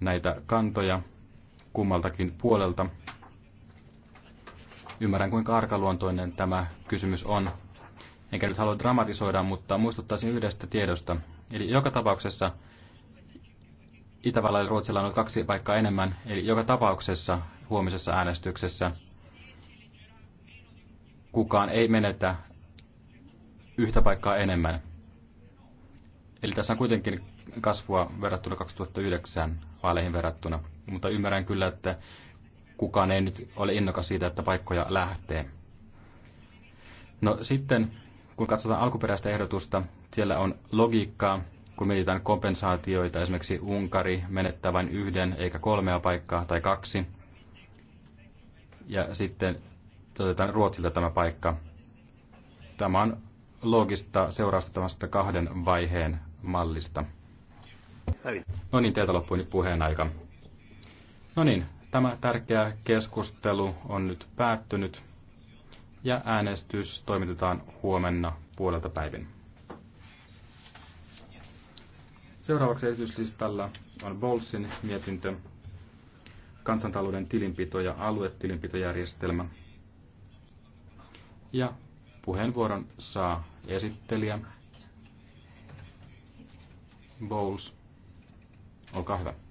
näitä kantoja kummaltakin puolelta, Ymmärrän, kuinka arkaluontoinen tämä kysymys on. Enkä nyt halua dramatisoida, mutta muistuttaisin yhdestä tiedosta. Eli joka tapauksessa itävallan ja Ruotsilla on ollut kaksi paikkaa enemmän, eli joka tapauksessa huomisessa äänestyksessä kukaan ei menetä yhtä paikkaa enemmän. Eli tässä on kuitenkin kasvua verrattuna 2009 vaaleihin verrattuna. Mutta ymmärrän kyllä, että kukaan ei nyt ole innokas siitä, että paikkoja lähtee. No sitten, kun katsotaan alkuperäistä ehdotusta, siellä on logiikkaa, kun mietitään kompensaatioita, esimerkiksi Unkari menettää vain yhden eikä kolmea paikkaa tai kaksi. Ja sitten otetaan Ruotsilta tämä paikka. Tämä on loogista seurausta tämmöisestä kahden vaiheen mallista. No niin, teiltä loppui nyt puheen aika. No niin, Tämä tärkeä keskustelu on nyt päättynyt ja äänestys toimitetaan huomenna puolelta päivin. Seuraavaksi esityslistalla on Bolsin mietintö, kansantalouden tilinpito- ja aluetilinpitojärjestelmä. Ja puheenvuoron saa esittelijä Bowles. Olkaa hyvä.